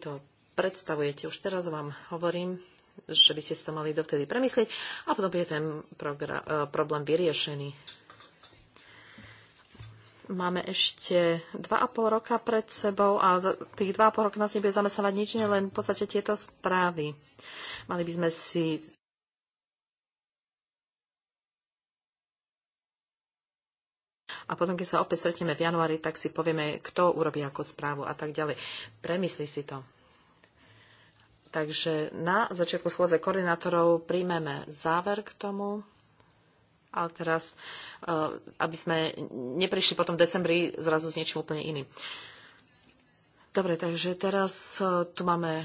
to predstavujete. Už teraz vám hovorím, že by ste si to mali dovtedy premyslieť a potom je ten e, problém vyriešený. Máme ešte 2,5 roka pred sebou a za tých 2,5 roka nás nebude zamestnávať nič, len v podstate tieto správy. Mali by sme si a potom, keď sa opäť stretneme v januári, tak si povieme, kto urobí ako správu a tak ďalej. Premysli si to. Takže na začiatku schôdze koordinátorov príjmeme záver k tomu. A teraz, eh, aby sme neprišli potom v decembri zrazu s niečím úplne iným. Dobre, takže teraz eh, tu máme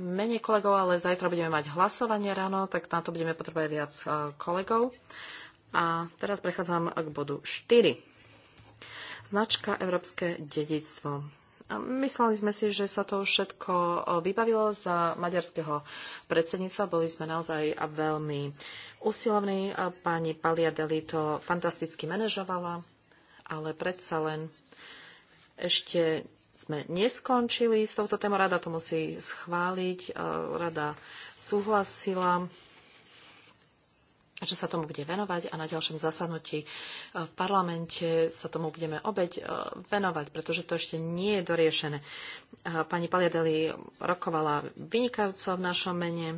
menej kolegov, ale zajtra budeme mať hlasovanie ráno, tak na to budeme potrebovať viac eh, kolegov. A teraz prechádzam k bodu 4 značka Európske dedictvo. Mysleli sme si, že sa to všetko vybavilo za maďarského predsedníctva. Boli sme naozaj veľmi usilovní. Pani Paliadeli to fantasticky manažovala, ale predsa len ešte sme neskončili s touto témou. Rada to musí schváliť. Rada súhlasila že sa tomu bude venovať a na ďalšom zasadnutí e, v parlamente sa tomu budeme obeď e, venovať, pretože to ešte nie je doriešené. E, pani Paliadeli rokovala vynikajúco v našom mene,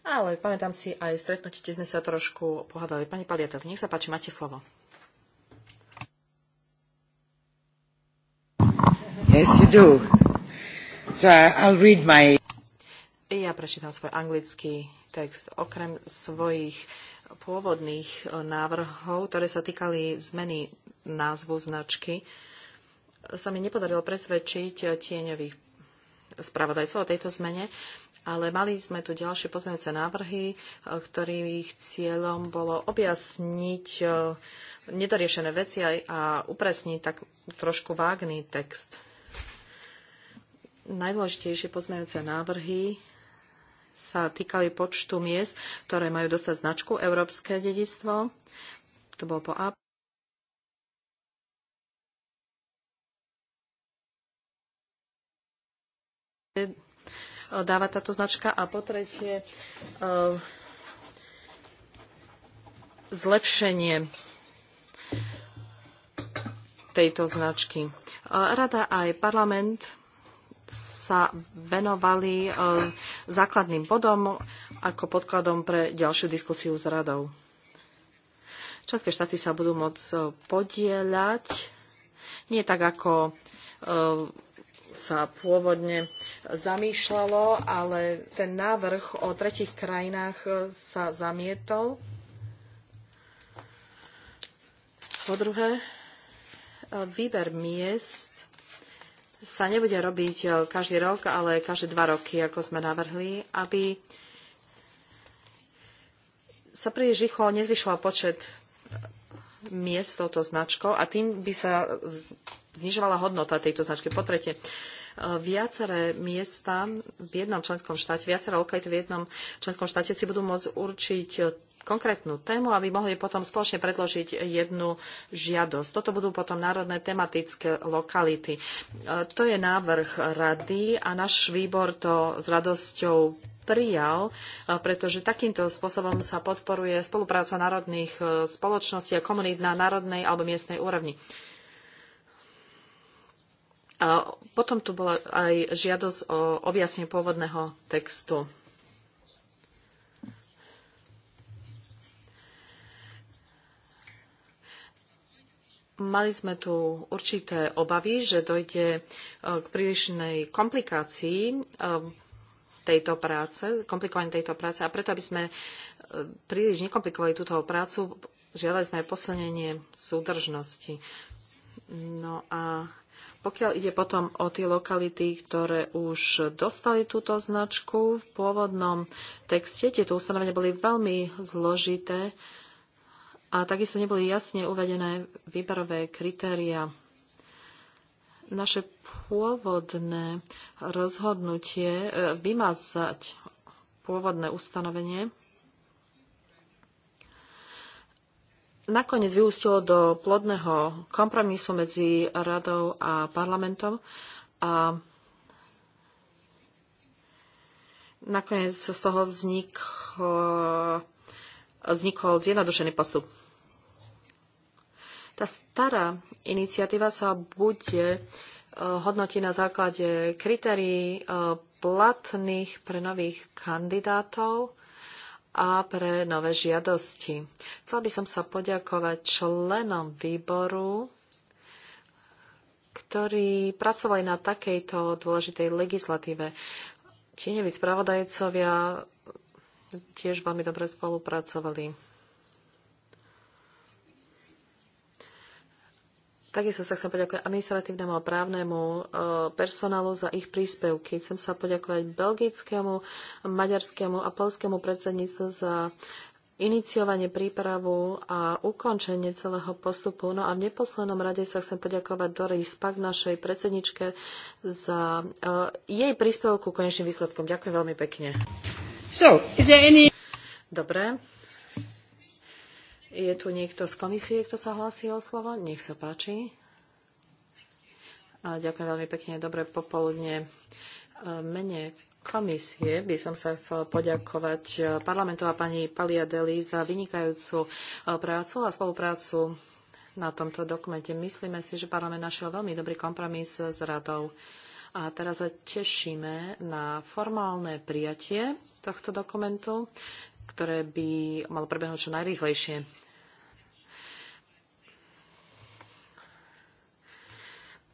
ale pamätám si aj stretnutie, kde sme sa trošku pohádali. Pani Paliadeli, nech sa páči, máte slovo. Yes, you do. So I'll read my... Ja prečítam svoj anglický text. Okrem svojich pôvodných e, návrhov, ktoré sa týkali zmeny názvu značky, sa mi nepodarilo presvedčiť e, tieňových spravodajcov o tejto zmene, ale mali sme tu ďalšie pozmeňujúce návrhy, e, ktorých cieľom bolo objasniť nedoriešené veci a upresniť tak trošku vágný text. Najdôležitejšie pozmeňujúce návrhy sa týkali počtu miest, ktoré majú dostať značku Európske dedictvo. To bolo po A. dáva táto značka a po tretie eh, zlepšenie tejto značky. Eh, rada aj parlament sa venovali eh, základným bodom ako podkladom pre ďalšiu diskusiu s radou. České štáty sa budú môcť eh, podielať. nie tak ako eh, sa pôvodne zamýšľalo, ale ten návrh o tretich krajinách sa zamietol. Po druhé, výber miest sa nebude robiť e, každý rok, ale každé dva roky, ako sme navrhli, aby sa príliš rýchlo nezvyšoval počet miest touto značkou a tým by sa znižovala hodnota tejto značky. Po tretie, e, viaceré miesta v jednom členskom štáte, viaceré lokality v jednom členskom štáte si budú môcť určiť konkrétnu tému, aby mohli potom spoločne predložiť jednu žiadosť. Toto budú potom národné tematické lokality. E, to je návrh rady a náš výbor to s radosťou prijal, e, pretože takýmto spôsobom sa podporuje spolupráca národných e, spoločností a komunít na národnej alebo miestnej úrovni. potom tu bola aj žiadosť o objasnenie pôvodného textu. Mali sme tu určité obavy, že dojde e, k prílišnej komplikácii e, tejto práce, komplikovanie tejto práce a preto, aby sme e, príliš nekomplikovali túto prácu, žiadali sme aj posilnenie súdržnosti. No a pokiaľ ide potom o tie lokality, ktoré už dostali túto značku v pôvodnom texte, tieto ustanovenia boli veľmi zložité a takisto neboli jasne uvedené výberové kritéria. Naše pôvodné rozhodnutie e, vymazať pôvodné ustanovenie nakoniec vyústilo do plodného kompromisu medzi radou a parlamentom a nakoniec z toho vznikol vznikol zjednodušený postup. Tá stará iniciatíva sa bude e, hodnotiť na základe kritérií e, platných pre nových kandidátov a pre nové žiadosti. Chcel by som sa poďakovať členom výboru, ktorí pracovali na takejto dôležitej legislatíve. Tieňoví spravodajcovia tiež veľmi dobre spolupracovali. Takisto sa chcem poďakovať administratívnemu a právnemu e, personálu za ich príspevky. Chcem sa poďakovať belgickému, maďarskému a polskému predsedníctvu za iniciovanie prípravu a ukončenie celého postupu. No a v neposlednom rade sa chcem poďakovať Doris Pak, našej predsedničke, za e, jej príspevku konečným výsledkom. Ďakujem veľmi pekne. Dobre. Je tu niekto z komisie, kto sa hlási o slovo? Nech sa páči. A ďakujem veľmi pekne. Dobré popoludne. E, mene komisie by som sa chcela poďakovať e, parlamentu a pani Paliadeli za vynikajúcu e, prácu a spoluprácu na tomto dokumente. Myslíme si, že parlament našiel veľmi dobrý kompromis s radou. A teraz sa tešíme na formálne prijatie tohto dokumentu, ktoré by malo prebehnúť čo najrýchlejšie.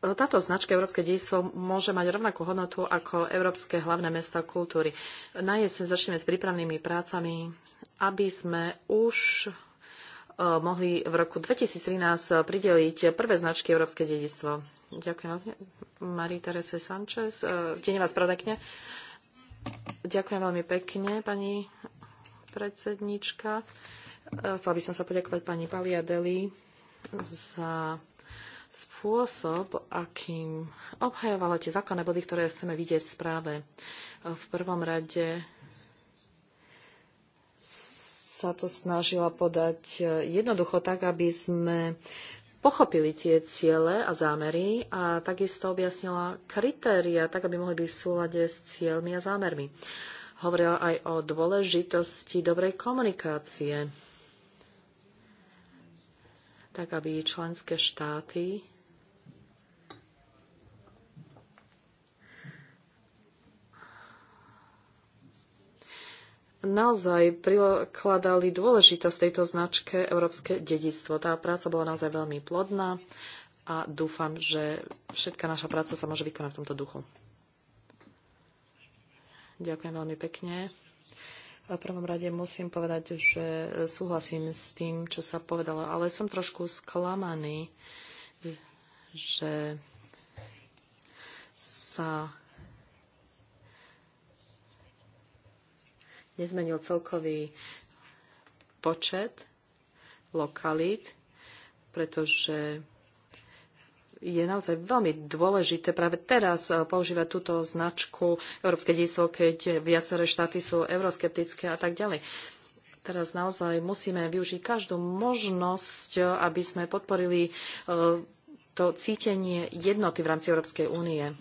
táto značka Európske dejstvo môže mať rovnakú hodnotu ako Európske hlavné mesta kultúry. Na jeseň začneme s prípravnými prácami, aby sme už eh, mohli v roku 2013 prideliť prvé značky Európske dedictvo. Ďakujem Marie Terese Sanchez, e, Ďakujem veľmi pekne, pani predsednička. E, chcela by som sa poďakovať pani Paliadeli za spôsob, akým obhajovala tie základné body, ktoré chceme vidieť v správe. E, v prvom rade sa to snažila podať jednoducho tak, aby sme pochopili tie ciele a zámery a takisto objasnila kritéria, tak aby mohli byť v súlade s cieľmi a zámermi. Hovorila aj o dôležitosti dobrej komunikácie, tak aby členské štáty naozaj prikladali dôležitosť tejto značke Európske dedictvo. Tá práca bola naozaj veľmi plodná a dúfam, že všetka naša práca sa môže vykonať v tomto duchu. Ďakujem veľmi pekne. V prvom rade musím povedať, že súhlasím s tým, čo sa povedalo, ale som trošku sklamaný, že sa nezmenil celkový počet lokalít, pretože je naozaj veľmi dôležité práve teraz eh, používať túto značku Európske díslo, keď viaceré štáty sú euroskeptické a tak ďalej. Teraz naozaj musíme využiť každú možnosť, eh, aby sme podporili eh, to cítenie jednoty v rámci Európskej únie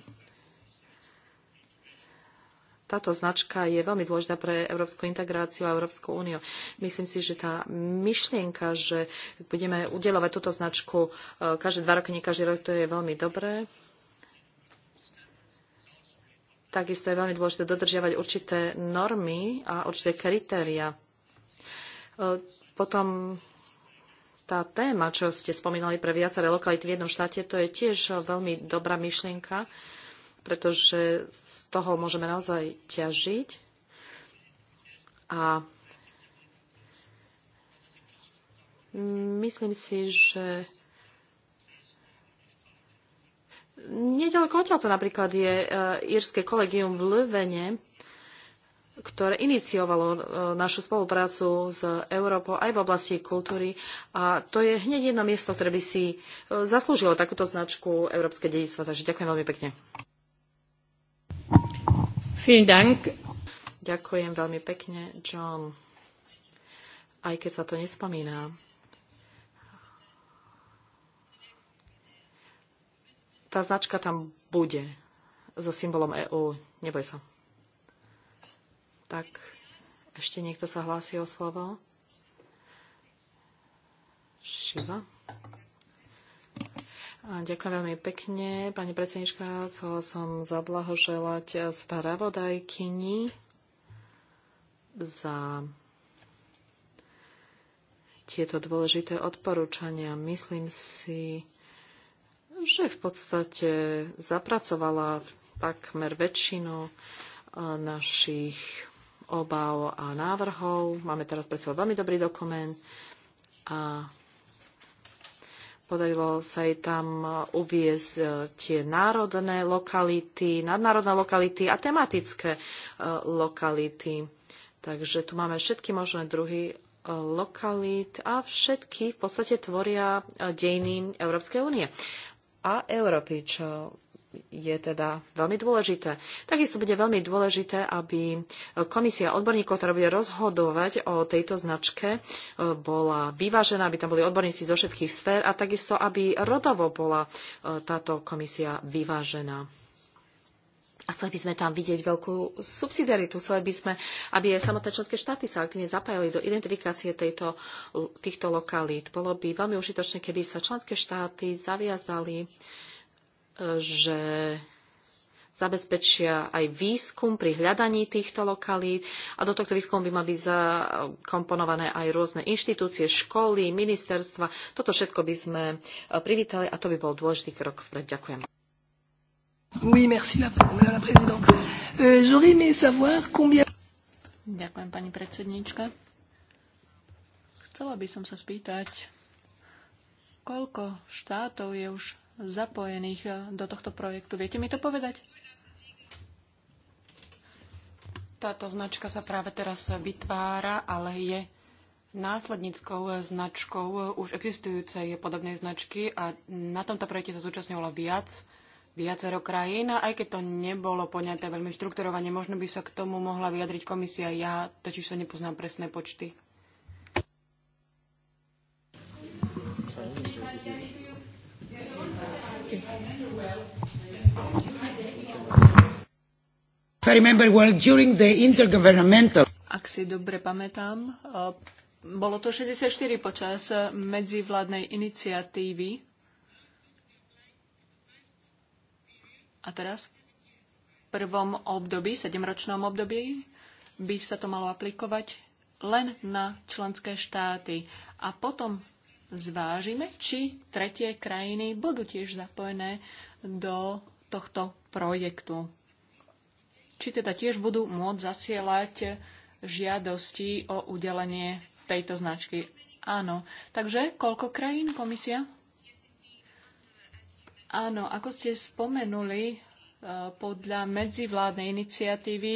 táto značka je veľmi dôležitá pre európsku integráciu a Európsku úniu. Myslím si, že tá myšlienka, že budeme udelovať túto značku e, každé dva roky, nie každý rok, to je veľmi dobré. Takisto je veľmi dôležité dodržiavať určité normy a určité kritéria. E, potom tá téma, čo ste spomínali pre viaceré lokality v jednom štáte, to je tiež veľmi dobrá myšlienka pretože z toho môžeme naozaj ťažiť. A myslím si, že nedaleko to napríklad je e, írske kolegium v Lvene, ktoré iniciovalo e, našu spoluprácu s Európou aj v oblasti kultúry. A to je hneď jedno miesto, ktoré by si e, zaslúžilo takúto značku Európske dedictva. Takže ďakujem veľmi pekne. Vielen Dank. Ďakujem veľmi pekne, John. Aj keď sa to nespomína. Tá značka tam bude so symbolom EU, Neboj sa. Tak, ešte niekto sa hlási o slovo? Šiva? Ďakujem veľmi pekne. Pani predsednička, chcela som zablahoželať spravodajkyni za tieto dôležité odporúčania. Myslím si, že v podstate zapracovala takmer väčšinu našich obav a návrhov. Máme teraz pred sebou veľmi dobrý dokument a Podarilo sa jej tam e, uviezť e, tie národné lokality, nadnárodné lokality a tematické e, lokality. Takže tu máme všetky možné druhy lokalít a všetky v podstate tvoria dejiny Európskej únie a Európy, čo je teda veľmi dôležité. Takisto bude veľmi dôležité, aby komisia odborníkov, ktorá bude rozhodovať o tejto značke, e, bola vyvážená, aby tam boli odborníci zo všetkých sfér a takisto, aby rodovo bola e, táto komisia vyvážená. A chceli by sme tam vidieť veľkú subsidiaritu. Chceli by sme, aby aj samotné členské štáty sa aktívne zapájali do identifikácie tejto, týchto lokalít. Bolo by veľmi užitočné, keby sa členské štáty zaviazali že zabezpečia aj výskum pri hľadaní týchto lokalít a do tohto výskumu by mali byť zakomponované aj rôzne inštitúcie, školy, ministerstva. Toto všetko by sme eh, privítali a to by bol dôležitý krok vpred. Ďakujem. Oui, merci, la, la présidente. Euh, savoir combien... Ďakujem, pani predsedníčka. Chcela by som sa spýtať, koľko štátov je už zapojených e, do tohto projektu. Viete mi to povedať? Táto značka sa práve teraz vytvára, ale je následníckou značkou e, už existujúcej podobnej značky a na tomto projekte sa zúčastňovalo viac viacero krajín a aj keď to nebolo poňaté veľmi štrukturovane, možno by sa k tomu mohla vyjadriť komisia. Ja totiž sa nepoznám presné počty. Okay. If I remember well, during the intergovernmental... Ak si dobre pamätám, eh, bolo to 64 počas medzivládnej iniciatívy. A teraz v prvom období, sedemročnom období, by sa to malo aplikovať len na členské štáty. A potom zvážime, či tretie krajiny budú tiež zapojené do tohto projektu. Či teda tiež budú môcť zasielať žiadosti o udelenie tejto značky. Áno. Takže koľko krajín komisia? Áno, ako ste spomenuli, podľa medzivládnej iniciatívy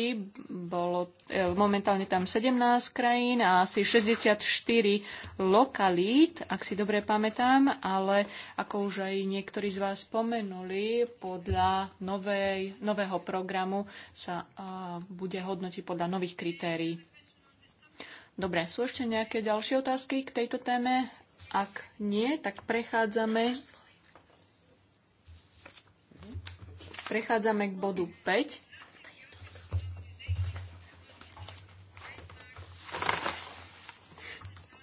bolo e, momentálne tam 17 krajín a asi 64 lokalít, ak si dobre pamätám, ale ako už aj niektorí z vás spomenuli, podľa novej, nového programu sa bude hodnotiť podľa nových kritérií. Dobre, sú ešte nejaké ďalšie otázky k tejto téme? Ak nie, tak prechádzame Prechádzame k bodu 5.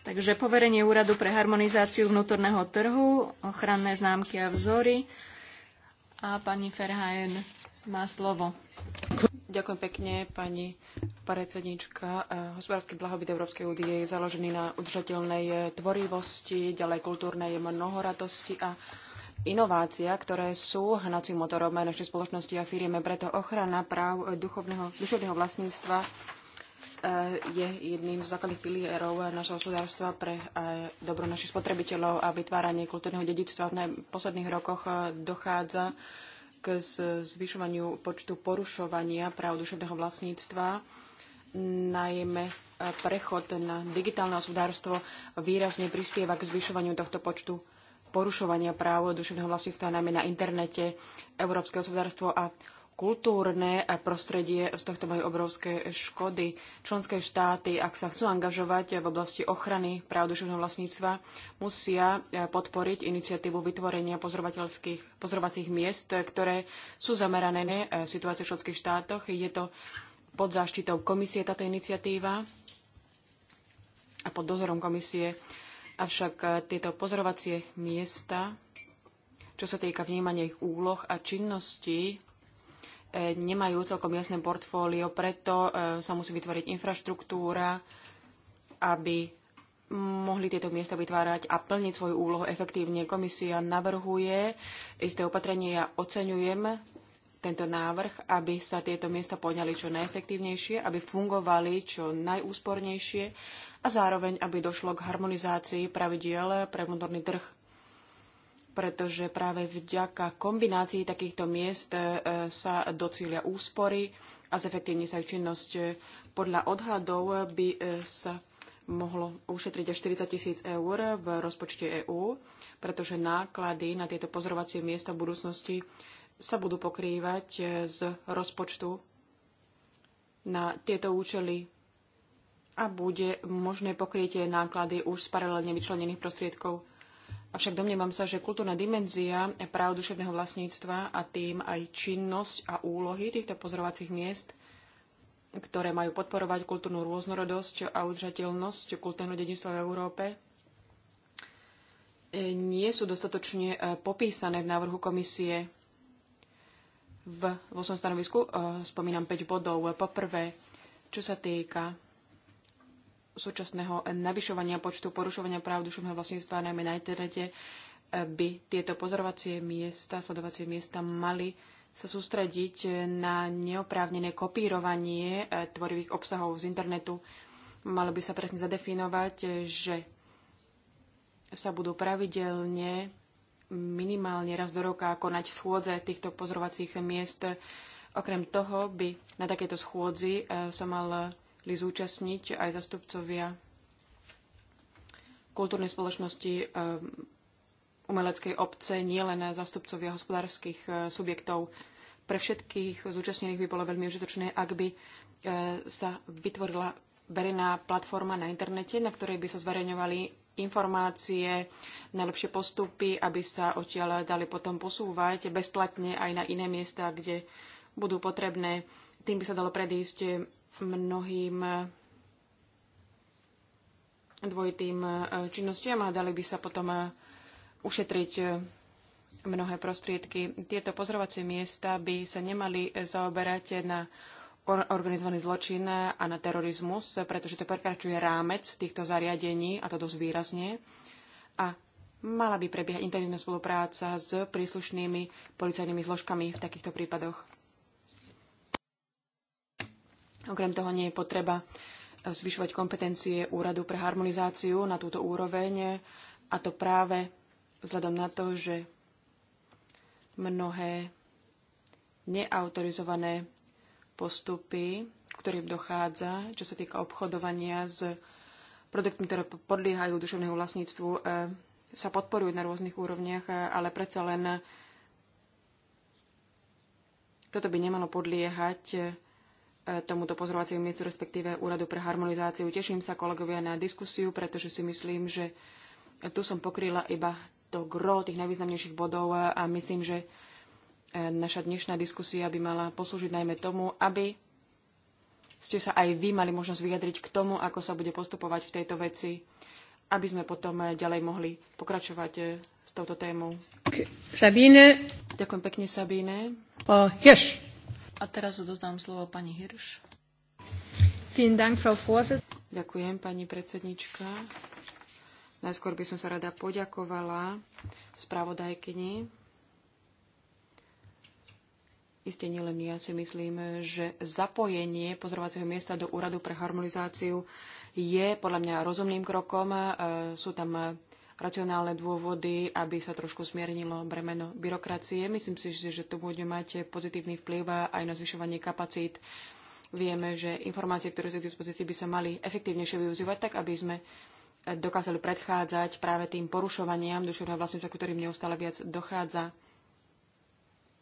Takže poverenie Úradu pre harmonizáciu vnútorného trhu, ochranné známky a vzory. A pani Ferhajen má slovo. Ďakujem pekne, pani predsednička. Eh, hospodársky blahobyt Európskej únie je založený na udržateľnej eh, tvorivosti, ďalej kultúrnej mnohoradosti a inovácia, ktoré sú hnacím motorom aj našej spoločnosti a firieme. Preto ochrana práv duchovného, duševného vlastníctva eh, je jedným z základných pilierov našho hospodárstva pre eh, dobro našich spotrebiteľov a vytváranie kultúrneho dedičstva. V posledných rokoch eh, dochádza k zvyšovaniu počtu porušovania práv duševného vlastníctva najmä prechod na digitálne hospodárstvo výrazne prispieva k zvyšovaniu tohto počtu porušovania práv duševného vlastníctva najmä na internete, európske hospodárstvo a kultúrne prostredie z tohto majú obrovské škody. Členské štáty, ak sa chcú angažovať v oblasti ochrany práv duševného vlastníctva, musia eh, podporiť iniciatívu vytvorenia pozorovateľských, pozorovacích miest, ktoré sú zamerané na eh, situáciu v členských štátoch. Je to pod záštitou komisie táto iniciatíva a pod dozorom komisie. Avšak e, tieto pozorovacie miesta, čo sa týka vnímania ich úloh a činností, e, nemajú celkom jasné portfólio, preto e, sa musí vytvoriť infraštruktúra, aby mohli tieto miesta vytvárať a plniť svoju úlohu efektívne. Komisia navrhuje isté opatrenie, ja oceňujem tento návrh, aby sa tieto miesta poňali čo najefektívnejšie, aby fungovali čo najúspornejšie a zároveň, aby došlo k harmonizácii pravidiel pre vnútorný trh. Pretože práve vďaka kombinácii takýchto miest e, sa docília úspory a zefektívni sa aj činnosť. Podľa odhadov by e, sa mohlo ušetriť až 40 tisíc eur v rozpočte EÚ, pretože náklady na tieto pozorovacie miesta v budúcnosti sa budú pokrývať e, z rozpočtu na tieto účely a bude možné pokrytie náklady už z paralelne vyčlenených prostriedkov. Avšak domnievam sa, že kultúrna dimenzia práv duševného vlastníctva a tým aj činnosť a úlohy týchto pozorovacích miest, ktoré majú podporovať kultúrnu rôznorodosť a udržateľnosť kultúrneho dedinstva v Európe, e, nie sú dostatočne e, popísané v návrhu komisie. V 8. stanovisku e, spomínam 5 bodov. Poprvé, čo sa týka súčasného navyšovania počtu porušovania práv duševného vlastníctva najmä na internete e, by tieto pozorovacie miesta, sledovacie miesta mali sa sústrediť na neoprávnené kopírovanie e, tvorivých obsahov z internetu. Malo by sa presne zadefinovať, že sa budú pravidelne minimálne raz do roka konať schôdze týchto pozorovacích miest. Okrem toho by na takéto schôdzi e, sa mal zúčastniť aj zastupcovia kultúrnej spoločnosti eh, umeleckej obce, nielen zastupcovia hospodárskych eh, subjektov. Pre všetkých zúčastnených by bolo veľmi užitočné, ak by eh, sa vytvorila verejná platforma na internete, na ktorej by sa zverejňovali informácie, najlepšie postupy, aby sa odtiaľ dali potom posúvať bezplatne aj na iné miesta, kde budú potrebné. Tým by sa dalo predísť mnohým eh, dvojitým eh, činnostiam a dali by sa potom eh, ušetriť mnohé prostriedky. Tieto pozorovacie miesta by sa nemali zaoberať na organizovaný zločin a na terorizmus, pretože to prekračuje rámec týchto zariadení, a to dosť výrazne. A mala by prebiehať intenzívna spolupráca s príslušnými policajnými zložkami v takýchto prípadoch. Okrem toho nie je potreba eh, zvyšovať kompetencie Úradu pre harmonizáciu na túto úroveň, a to práve vzhľadom na to, že mnohé neautorizované postupy, ktorým dochádza, čo sa týka obchodovania s produktmi, ktoré podliehajú duševnému vlastníctvu, eh, sa podporujú na rôznych úrovniach, eh, ale predsa len toto by nemalo podliehať tomuto pozorovaciemu miestu, respektíve Úradu pre harmonizáciu. Teším sa, kolegovia, na diskusiu, pretože si myslím, že tu som pokryla iba to gro tých najvýznamnejších bodov a myslím, že e, naša dnešná diskusia by mala poslúžiť najmä tomu, aby ste sa aj vy mali možnosť vyjadriť k tomu, ako sa bude postupovať v tejto veci, aby sme potom e, ďalej mohli pokračovať e, s touto témou. Sabine. Ďakujem pekne, Sabine. Uh, yes. A teraz odozdám slovo pani Hirš. Ďakujem, pani predsednička. Najskôr by som sa rada poďakovala spravodajkyni. Isté nielen ja si myslím, že zapojenie pozorovacieho miesta do Úradu pre harmonizáciu je podľa mňa rozumným krokom. E, sú tam racionálne dôvody, aby sa trošku smiernilo bremeno byrokracie. Myslím si, že to bude mať pozitívny vplyv aj na zvyšovanie kapacít. Vieme, že informácie, ktoré sú k dispozícii, by sa mali efektívnejšie využívať, tak aby sme dokázali predchádzať práve tým porušovaniam duševného vlastníctva, ktorým neustále viac dochádza.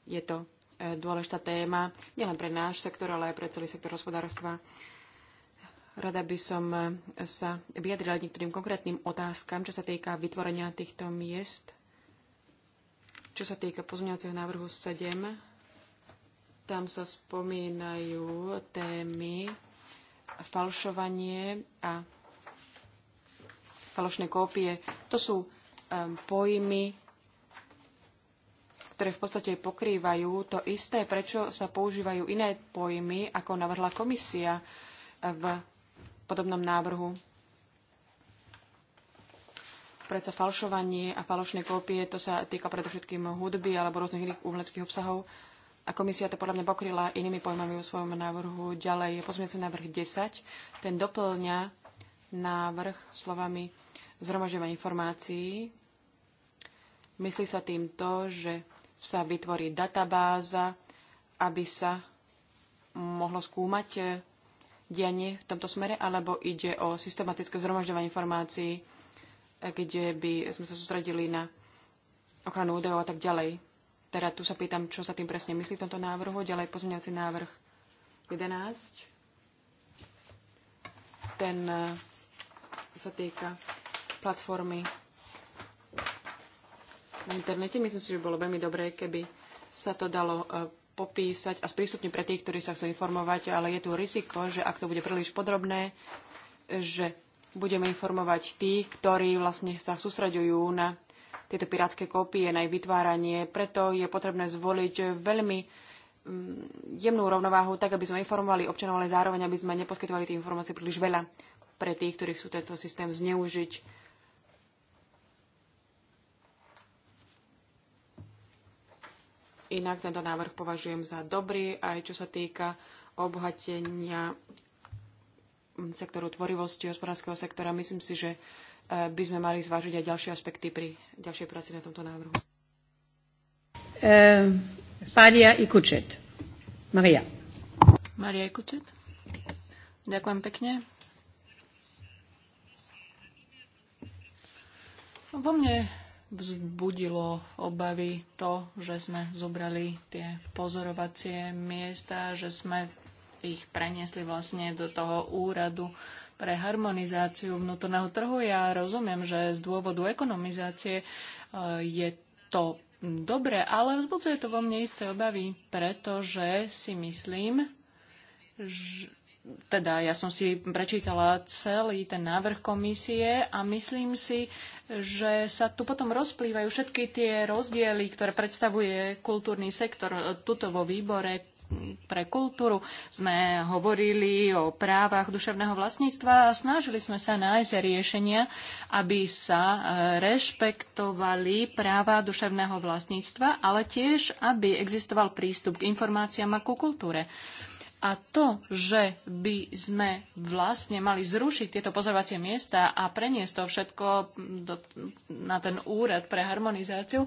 Je to e, dôležitá téma nielen pre náš sektor, ale aj pre celý sektor hospodárstva. Rada by som e, sa vyjadrila niektorým konkrétnym otázkam, čo sa týka vytvorenia týchto miest. Čo sa týka pozmeňovacieho návrhu 7, tam sa spomínajú témy falšovanie a falošné kópie. To sú um, pojmy, ktoré v podstate pokrývajú to isté, prečo sa používajú iné pojmy, ako navrhla komisia v podobnom návrhu. Predsa falšovanie a falošné kópie, to sa týka predovšetkým hudby alebo rôznych iných umeleckých obsahov. A komisia to podľa mňa pokryla inými pojmami vo svojom návrhu. Ďalej je pozmeňujúci návrh 10. Ten doplňa návrh slovami zhromažďovanie informácií. Myslí sa tým to, že sa vytvorí databáza, aby sa mohlo skúmať dianie v tomto smere, alebo ide o systematické zhromažďovanie informácií, e, kde by sme sa sústredili na ochranu údajov a tak ďalej. Teda tu sa pýtam, čo sa tým presne myslí v tomto návrhu. Ďalej pozmeňovací návrh 11. Ten e, sa týka platformy na internete. Myslím si, že by bolo veľmi dobré, keby sa to dalo e, popísať a sprístupniť pre tých, ktorí sa chcú informovať, ale je tu riziko, že ak to bude príliš podrobné, že budeme informovať tých, ktorí vlastne sa sústreďujú na tieto pirátske kópie, na ich vytváranie. Preto je potrebné zvoliť veľmi mm, jemnú rovnováhu, tak aby sme informovali občanov, ale zároveň aby sme neposkytovali tie informácie príliš veľa pre tých, ktorí chcú tento systém zneužiť. Inak tento návrh považujem za dobrý, aj čo sa týka obohatenia sektoru tvorivosti hospodárskeho sektora. Myslím si, že e, by sme mali zvážiť aj ďalšie aspekty pri ďalšej práci na tomto návrhu. Uh, Ikučet. Maria. Maria Ikučet. Ďakujem pekne. Vo mne vzbudilo obavy to, že sme zobrali tie pozorovacie miesta, že sme ich preniesli vlastne do toho úradu pre harmonizáciu vnútorného trhu. Ja rozumiem, že z dôvodu ekonomizácie e, je to dobre, ale vzbudzuje to vo mne isté obavy, pretože si myslím, že teda ja som si prečítala celý ten návrh komisie a myslím si, že sa tu potom rozplývajú všetky tie rozdiely, ktoré predstavuje kultúrny sektor. Tuto vo výbore pre kultúru sme hovorili o právach duševného vlastníctva a snažili sme sa nájsť riešenia, aby sa e, rešpektovali práva duševného vlastníctva, ale tiež, aby existoval prístup k informáciám a ku kultúre. Uh, a to, že by sme vlastne mali zrušiť tieto pozorovacie miesta a preniesť to všetko do, na ten úrad pre harmonizáciu,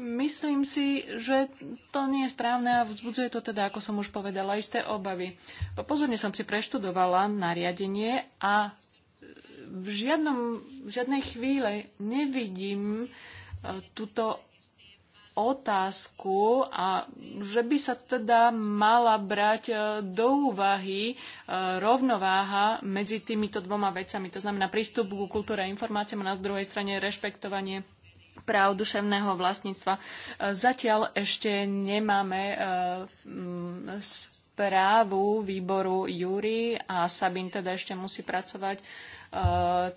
myslím si, že to nie je správne a vzbudzuje to teda, ako som už povedala, isté obavy. Pozorne som si preštudovala nariadenie a v, žiadnom, v žiadnej chvíle nevidím e, túto otázku a že by sa teda mala brať e, do úvahy e, rovnováha medzi týmito dvoma vecami. To znamená prístup ku kultúre a informáciám a na druhej strane rešpektovanie práv duševného vlastníctva. E, zatiaľ ešte nemáme správu výboru Júri a Sabin teda ešte musí pracovať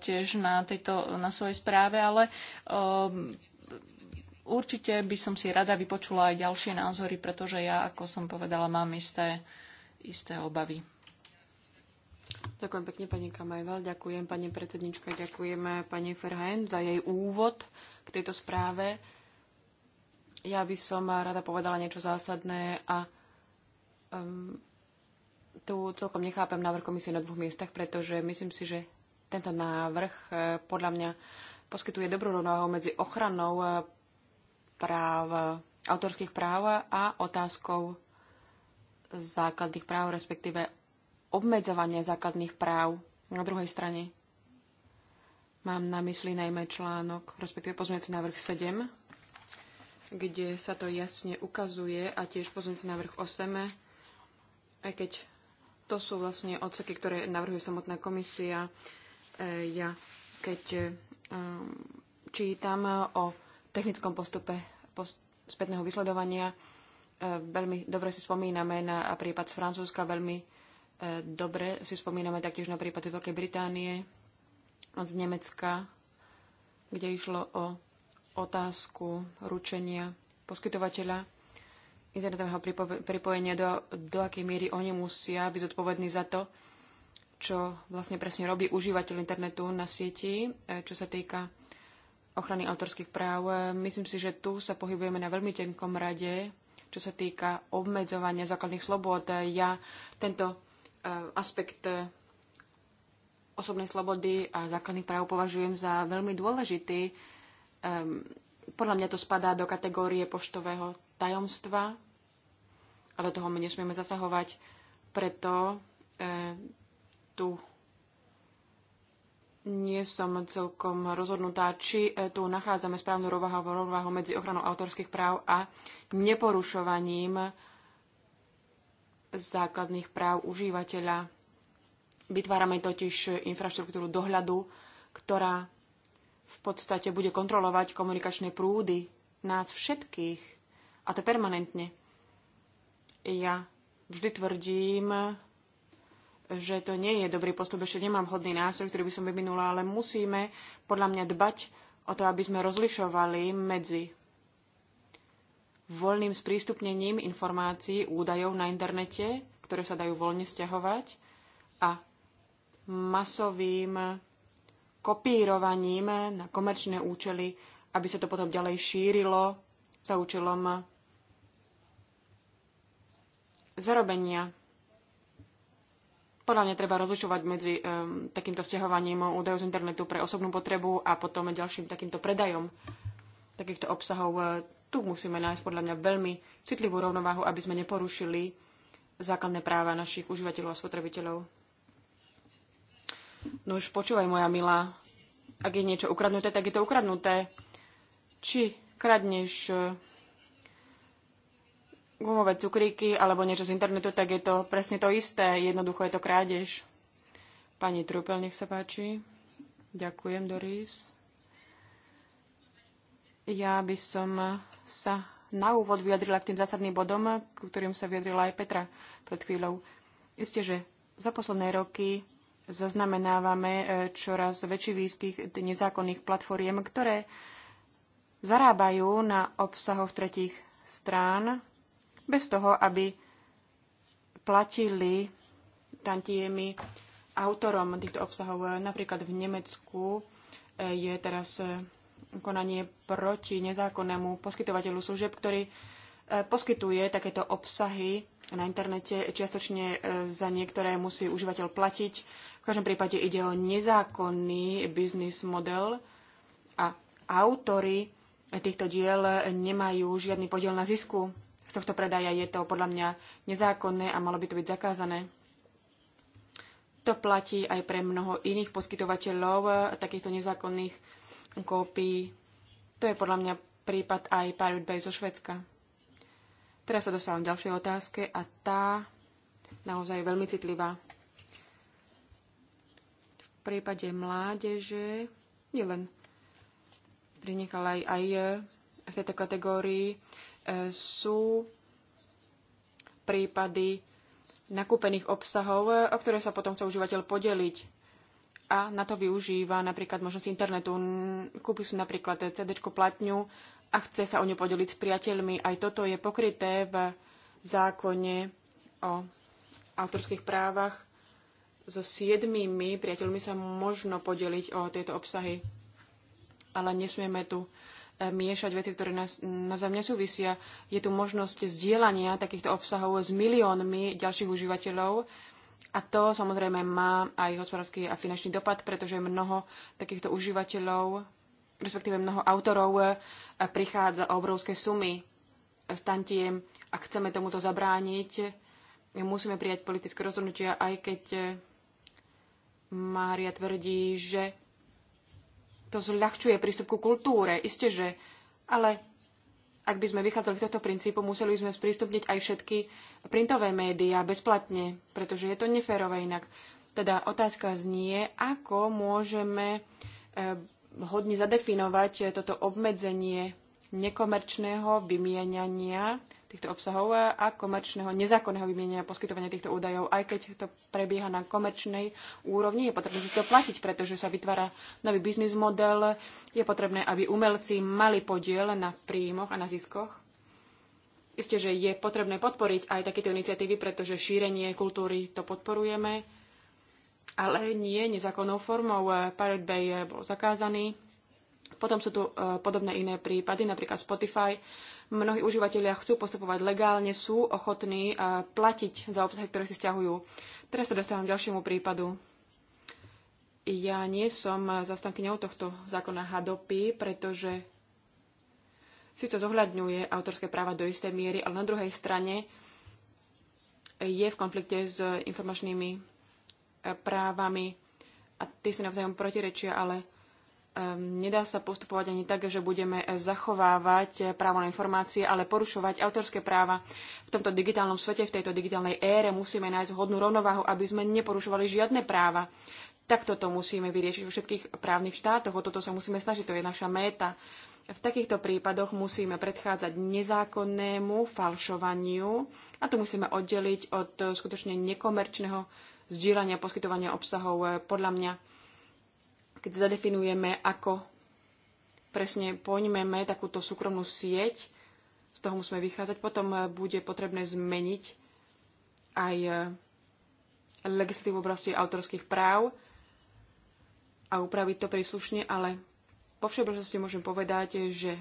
tiež na, tejto, na svojej správe, ale Určite by som si rada vypočula aj ďalšie názory, pretože ja, ako som povedala, mám isté, isté obavy. Ďakujem pekne, pani Kamajval. Ďakujem, pani predsednička. Ďakujem pani Ferhajn za jej úvod k tejto správe. Ja by som rada povedala niečo zásadné a um, tu celkom nechápem návrh komisie na dvoch miestach, pretože myslím si, že tento návrh eh, podľa mňa poskytuje dobrú rovnováhu medzi ochranou eh, práv, autorských práv a otázkou základných práv, respektíve obmedzovania základných práv na druhej strane. Mám na mysli najmä článok, respektíve pozmeňujúci návrh 7, kde sa to jasne ukazuje a tiež pozmeňujúci návrh 8, aj keď to sú vlastne odseky, ktoré navrhuje samotná komisia. E, ja keď e, čítam o technickom postupe spätného vysledovania. E, veľmi dobre si spomíname na prípad z Francúzska, veľmi e, dobre si spomíname taktiež na prípad z Veľkej Británie a z Nemecka, kde išlo o otázku ručenia poskytovateľa internetového pripojenia, do, do akej miery oni musia byť zodpovední za to, čo vlastne presne robí užívateľ internetu na sieti, e, čo sa týka ochrany autorských práv. Myslím si, že tu sa pohybujeme na veľmi tenkom rade, čo sa týka obmedzovania základných slobod. Ja tento e, aspekt e, osobnej slobody a základných práv považujem za veľmi dôležitý. Ehm, podľa mňa to spadá do kategórie poštového tajomstva a do toho my nesmieme zasahovať. Preto e, tu nie som celkom rozhodnutá, či e, tu nachádzame správnu rovnováhu, medzi ochranou autorských práv a neporušovaním základných práv užívateľa. Vytvárame totiž infraštruktúru dohľadu, ktorá v podstate bude kontrolovať komunikačné prúdy nás všetkých, a to permanentne. Ja vždy tvrdím, že to nie je dobrý postup, ešte nemám vhodný nástroj, ktorý by som vyvinula, ale musíme podľa mňa dbať o to, aby sme rozlišovali medzi voľným sprístupnením informácií, údajov na internete, ktoré sa dajú voľne stiahovať, a masovým kopírovaním na komerčné účely, aby sa to potom ďalej šírilo za účelom zarobenia podľa mňa treba rozlišovať medzi um, takýmto stiahovaním údajov z internetu pre osobnú potrebu a potom ďalším takýmto predajom takýchto obsahov. E, tu musíme nájsť podľa mňa veľmi citlivú rovnováhu, aby sme neporušili základné práva našich užívateľov a spotrebiteľov. No už počúvaj, moja milá, ak je niečo ukradnuté, tak je to ukradnuté. Či kradneš e, gumové cukríky alebo niečo z internetu, tak je to presne to isté. Jednoducho je to krádež. Pani Trupel, nech sa páči. Ďakujem, Doris. Ja by som sa na úvod vyjadrila k tým zásadným bodom, k ktorým sa vyjadrila aj Petra pred chvíľou. Isté, že za posledné roky zaznamenávame e, čoraz väčší výskyt nezákonných platformiem, ktoré zarábajú na obsahoch tretích strán bez toho, aby platili tantiemy autorom týchto obsahov. Napríklad v Nemecku eh, je teraz eh, konanie proti nezákonnému poskytovateľu služieb, ktorý eh, poskytuje takéto obsahy na internete. Čiastočne za niektoré musí užívateľ platiť. V každom prípade ide o nezákonný biznis model a autory týchto diel nemajú žiadny podiel na zisku z tohto predaja. Je to podľa mňa nezákonné a malo by to byť zakázané. To platí aj pre mnoho iných poskytovateľov e, takýchto nezákonných kópií. To je podľa mňa prípad aj Pirate Bay zo Švedska. Teraz sa dostávam k ďalšej otázke a tá naozaj je veľmi citlivá. V prípade mládeže, nielen prinechala aj, aj e, v tejto kategórii sú prípady nakúpených obsahov, o ktoré sa potom chce užívateľ podeliť a na to využíva napríklad možnosť internetu. Kúpi si napríklad CD platňu a chce sa o ňu podeliť s priateľmi. Aj toto je pokryté v zákone o autorských právach. So siedmými priateľmi sa možno podeliť o tieto obsahy, ale nesmieme tu miešať veci, ktoré nás, navzájom nesúvisia. Je tu možnosť zdieľania takýchto obsahov s miliónmi ďalších užívateľov. A to samozrejme má aj hospodársky a finančný dopad, pretože mnoho takýchto užívateľov, respektíve mnoho autorov e, prichádza o obrovské sumy stantiem. Ak chceme tomuto zabrániť, musíme prijať politické rozhodnutia, aj keď e, Mária tvrdí, že to zľahčuje prístup ku kultúre, isteže. Ale ak by sme vychádzali z tohto princípu, museli sme sprístupniť aj všetky printové médiá bezplatne, pretože je to neférové inak. Teda otázka znie, ako môžeme e, hodne zadefinovať toto obmedzenie nekomerčného vymieniania týchto obsahov a komerčného, nezákonného vymienenia poskytovania týchto údajov. Aj keď to prebieha na komerčnej úrovni, je potrebné si to platiť, pretože sa vytvára nový biznis model. Je potrebné, aby umelci mali podiel na príjmoch a na ziskoch. Isté, že je potrebné podporiť aj takéto iniciatívy, pretože šírenie kultúry to podporujeme, ale nie nezákonnou formou. Pirate Bay bol zakázaný potom sú tu e, podobné iné prípady, napríklad Spotify. Mnohí užívateľia chcú postupovať legálne, sú ochotní e, platiť za obsahy, ktoré si stiahujú. Teraz sa dostávam k ďalšiemu prípadu. Ja nie som zastankyňou tohto zákona HADOPy, pretože síce zohľadňuje autorské práva do istej miery, ale na druhej strane je v konflikte s informačnými e, právami a tie si navzájom protirečia, ale Ehm, nedá sa postupovať ani tak, že budeme e, zachovávať e, právo na informácie, ale porušovať autorské práva v tomto digitálnom svete, v tejto digitálnej ére. Musíme nájsť hodnú rovnováhu, aby sme neporušovali žiadne práva. Takto to musíme vyriešiť vo všetkých právnych štátoch. O toto sa musíme snažiť, to je naša méta. V takýchto prípadoch musíme predchádzať nezákonnému falšovaniu a to musíme oddeliť od e, skutočne nekomerčného zdieľania, poskytovania obsahov. Podľa mňa keď zadefinujeme, ako presne poňmeme takúto súkromnú sieť, z toho musíme vychádzať, potom eh, bude potrebné zmeniť aj eh, legislatívu v oblasti autorských práv a upraviť to príslušne, ale po všeobecnosti môžem povedať, že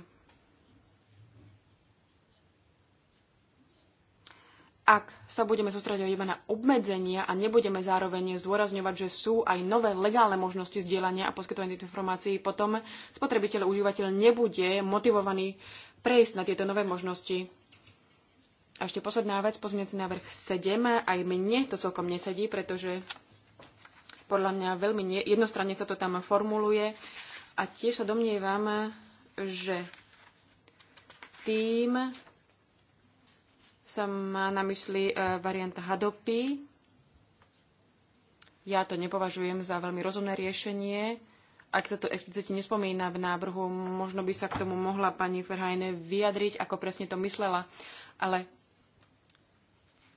Ak sa budeme sústredovať iba na obmedzenia a nebudeme zároveň zdôrazňovať, že sú aj nové legálne možnosti zdieľania a poskytovania týchto informácií, potom spotrebiteľ, užívateľ nebude motivovaný prejsť na tieto nové možnosti. A ešte posledná vec, pozmeňujúci návrh 7. Aj mne to celkom nesedí, pretože podľa mňa veľmi nie, jednostranne sa to tam formuluje. A tiež sa domnievam, že tým som má na mysli e, varianta Hadopy. Ja to nepovažujem za veľmi rozumné riešenie. Ak sa to explicitne nespomína v návrhu, možno by sa k tomu mohla pani Ferhajne vyjadriť, ako presne to myslela. Ale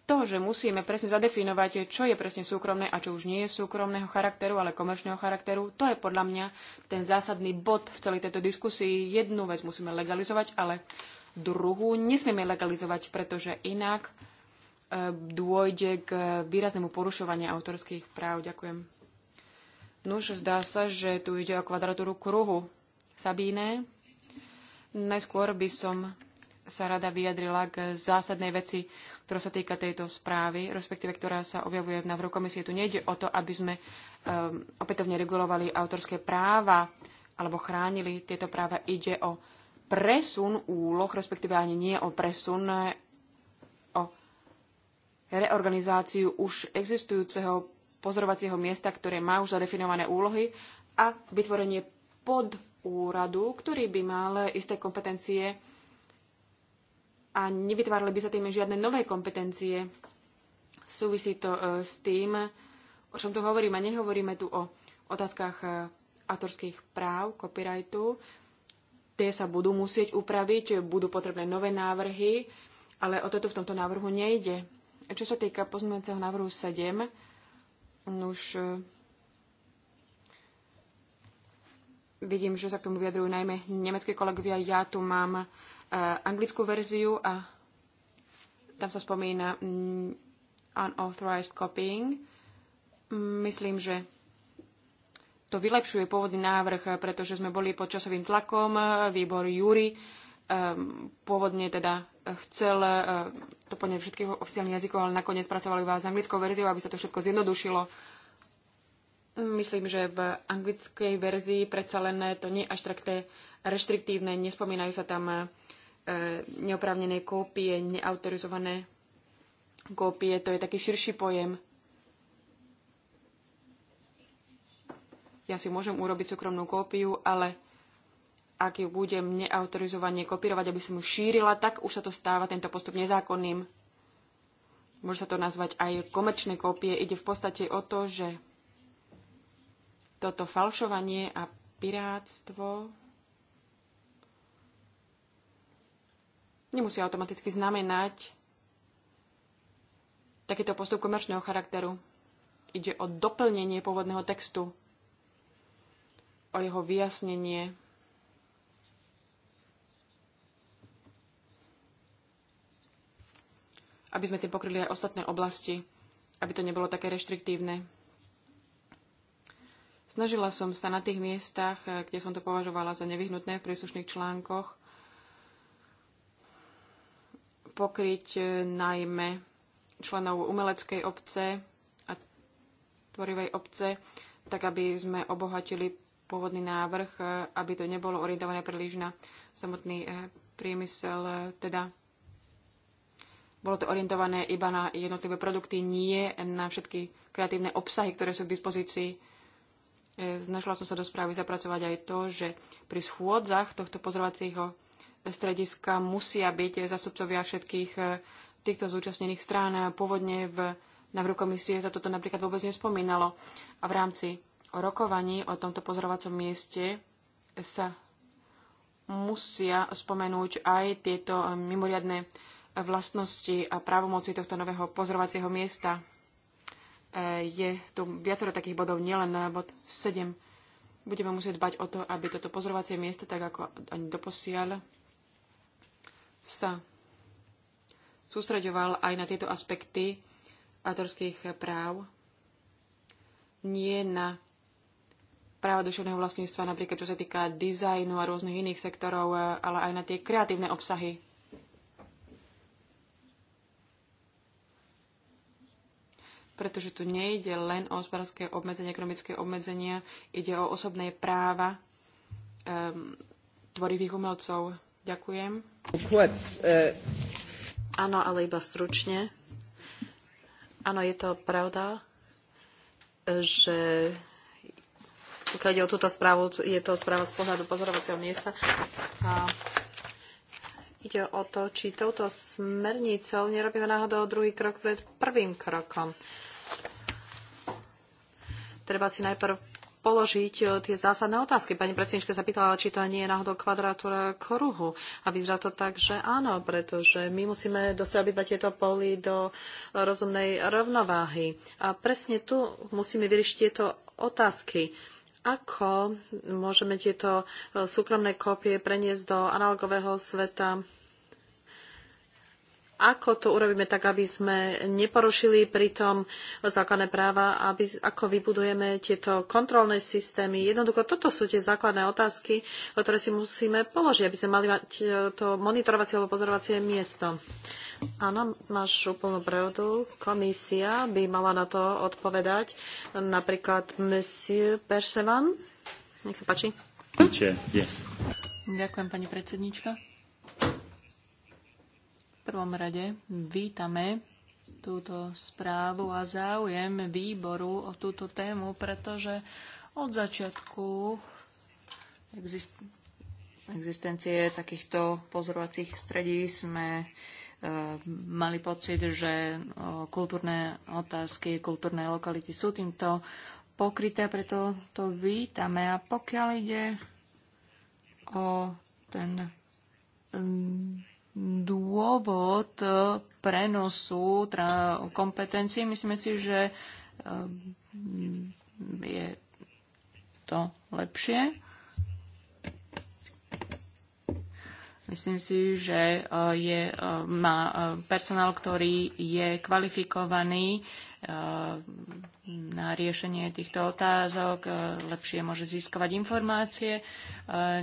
to, že musíme presne zadefinovať, čo je presne súkromné a čo už nie je súkromného charakteru, ale komerčného charakteru, to je podľa mňa ten zásadný bod v celej tejto diskusii. Jednu vec musíme legalizovať, ale druhu nesmieme legalizovať, pretože inak e, dôjde k výraznému porušovaniu autorských práv. Ďakujem. Nuž, zdá sa, že tu ide o kvadratúru kruhu. Sabíne, najskôr by som sa rada vyjadrila k zásadnej veci, ktorá sa týka tejto správy, respektíve ktorá sa objavuje v návrhu komisie. Tu nejde o to, aby sme um, opätovne regulovali autorské práva alebo chránili tieto práva. Ide o presun úloh, respektíve ani nie o presun, o reorganizáciu už existujúceho pozorovacieho miesta, ktoré má už zadefinované úlohy a vytvorenie podúradu, ktorý by mal isté kompetencie a nevytvárali by sa tým žiadne nové kompetencie. Súvisí to e, s tým, o čom tu hovoríme. Nehovoríme tu o otázkach e, autorských práv, copyrightu tie sa budú musieť upraviť, budú potrebné nové návrhy, ale o toto v tomto návrhu nejde. Čo sa týka pozmeňujúceho návrhu 7, už e, vidím, že sa k tomu vyjadrujú najmä nemecké kolegovia. Ja tu mám e, anglickú verziu a tam sa spomína mm, unauthorized copying. Myslím, že to vylepšuje pôvodný návrh, pretože sme boli pod časovým tlakom. Výbor Júri ehm, pôvodne teda chcel ehm, to po všetkých oficiálnych jazykov, ale nakoniec pracovali vás s anglickou verziou, aby sa to všetko zjednodušilo. Myslím, že v anglickej verzii predsa len to nie až takté reštriktívne, nespomínajú sa tam ehm, neoprávnené kópie, neautorizované kópie, to je taký širší pojem Ja si môžem urobiť súkromnú kópiu, ale ak ju budem neautorizovane kopírovať, aby som ju šírila, tak už sa to stáva tento postup nezákonným. Môže sa to nazvať aj komerčné kópie. Ide v podstate o to, že toto falšovanie a piráctvo nemusí automaticky znamenať takýto postup komerčného charakteru. Ide o doplnenie pôvodného textu o jeho vyjasnenie. aby sme tým pokryli aj ostatné oblasti, aby to nebolo také reštriktívne. Snažila som sa na tých miestach, eh, kde som to považovala za nevyhnutné v príslušných článkoch, pokryť eh, najmä členov umeleckej obce a tvorivej obce, tak aby sme obohatili pôvodný návrh, e, aby to nebolo orientované príliš na samotný e, priemysel, e, teda bolo to orientované iba na jednotlivé produkty, nie na všetky kreatívne obsahy, ktoré sú k dispozícii. Znašla som sa do správy zapracovať aj to, že pri schôdzach tohto pozorovacieho strediska musia byť zastupcovia všetkých týchto zúčastnených strán. Pôvodne v návrhu komisie sa toto napríklad vôbec nespomínalo. A v rámci rokovaní o tomto pozorovacom mieste sa musia spomenúť aj tieto eh, mimoriadne vlastnosti a právomoci tohto nového pozorovacieho miesta. Eh, je tu viacero takých bodov, nielen na bod 7. Budeme musieť dbať o to, aby toto pozorovacie miesto, tak ako ani doposiaľ, sa sústreďoval aj na tieto aspekty autorských práv, nie na práva duševného vlastníctva, napríklad čo sa týka dizajnu a rôznych iných sektorov, e, ale aj na tie kreatívne obsahy. Pretože tu nejde len o hospodárske obmedzenia, ekonomické obmedzenia, ide o osobné práva um, tvorivých umelcov. Ďakujem. E, Áno, ale iba stručne. Áno, je to pravda, e, že pokiaľ ide o túto správu, je to správa z pohľadu pozorovacieho miesta. A ide o to, či touto smernicou nerobíme náhodou druhý krok pred prvým krokom. Treba si najprv položiť e, tie zásadné otázky. Pani predsednička sa pýtala, či to nie je náhodou kvadratúra kruhu. A vyzerá to tak, že áno, pretože my musíme dostať obidva tieto poli do rozumnej rovnováhy. A presne tu musíme vyriešiť tieto otázky. Ako môžeme tieto e, súkromné kópie preniesť do analogového sveta? ako to urobíme tak, aby sme neporušili pritom základné práva, aby, ako vybudujeme tieto kontrolné systémy. Jednoducho, toto sú tie základné otázky, ktoré si musíme položiť, aby sme mali mať e, to monitorovacie alebo pozorovacie miesto. Áno, máš úplnú pravdu. Komisia by mala na to odpovedať. Napríklad Monsieur Persevan. Nech sa páči. Ďakujem, yes. Ďakujem pani predsednička prvom rade vítame túto správu a záujem výboru o túto tému, pretože od začiatku exist- existencie takýchto pozorovacích stredí sme e, mali pocit, že o, kultúrne otázky, kultúrne lokality sú týmto pokryté, preto to vítame. A pokiaľ ide o ten dôvod e, prenosu kompetencií. Myslíme si, že e, je to lepšie. Myslím si, že e, je, má personál, ktorý je kvalifikovaný na riešenie týchto otázok, lepšie môže získavať informácie.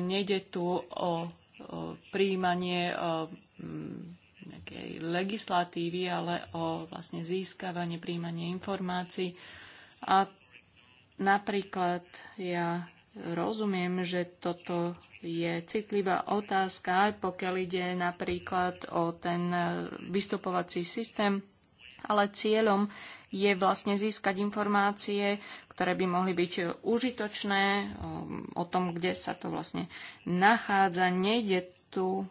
Nejde tu o prijímanie mm, nejakej legislatívy, ale o vlastne získavanie, príjmanie informácií. A napríklad ja rozumiem, že toto je citlivá otázka, aj pokiaľ ide napríklad o ten e, vystupovací systém, ale cieľom je vlastne získať informácie, ktoré by mohli byť e, užitočné, e, o tom, kde sa to vlastne nachádza. Nejde tu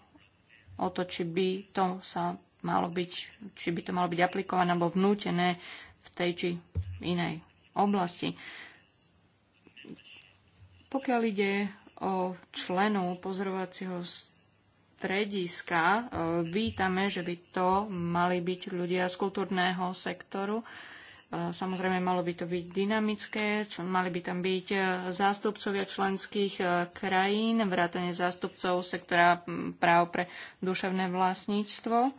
o to, či by to sa malo byť, či by to malo byť aplikované alebo vnútené v tej či inej oblasti. Pokiaľ ide o členov pozorovacieho strediska, e, vítame, že by to mali byť ľudia z kultúrneho sektoru, Samozrejme, malo by to byť dynamické, čo, mali by tam byť e, zástupcovia členských e, krajín, vrátane zástupcov sektora práv pre duševné vlastníctvo.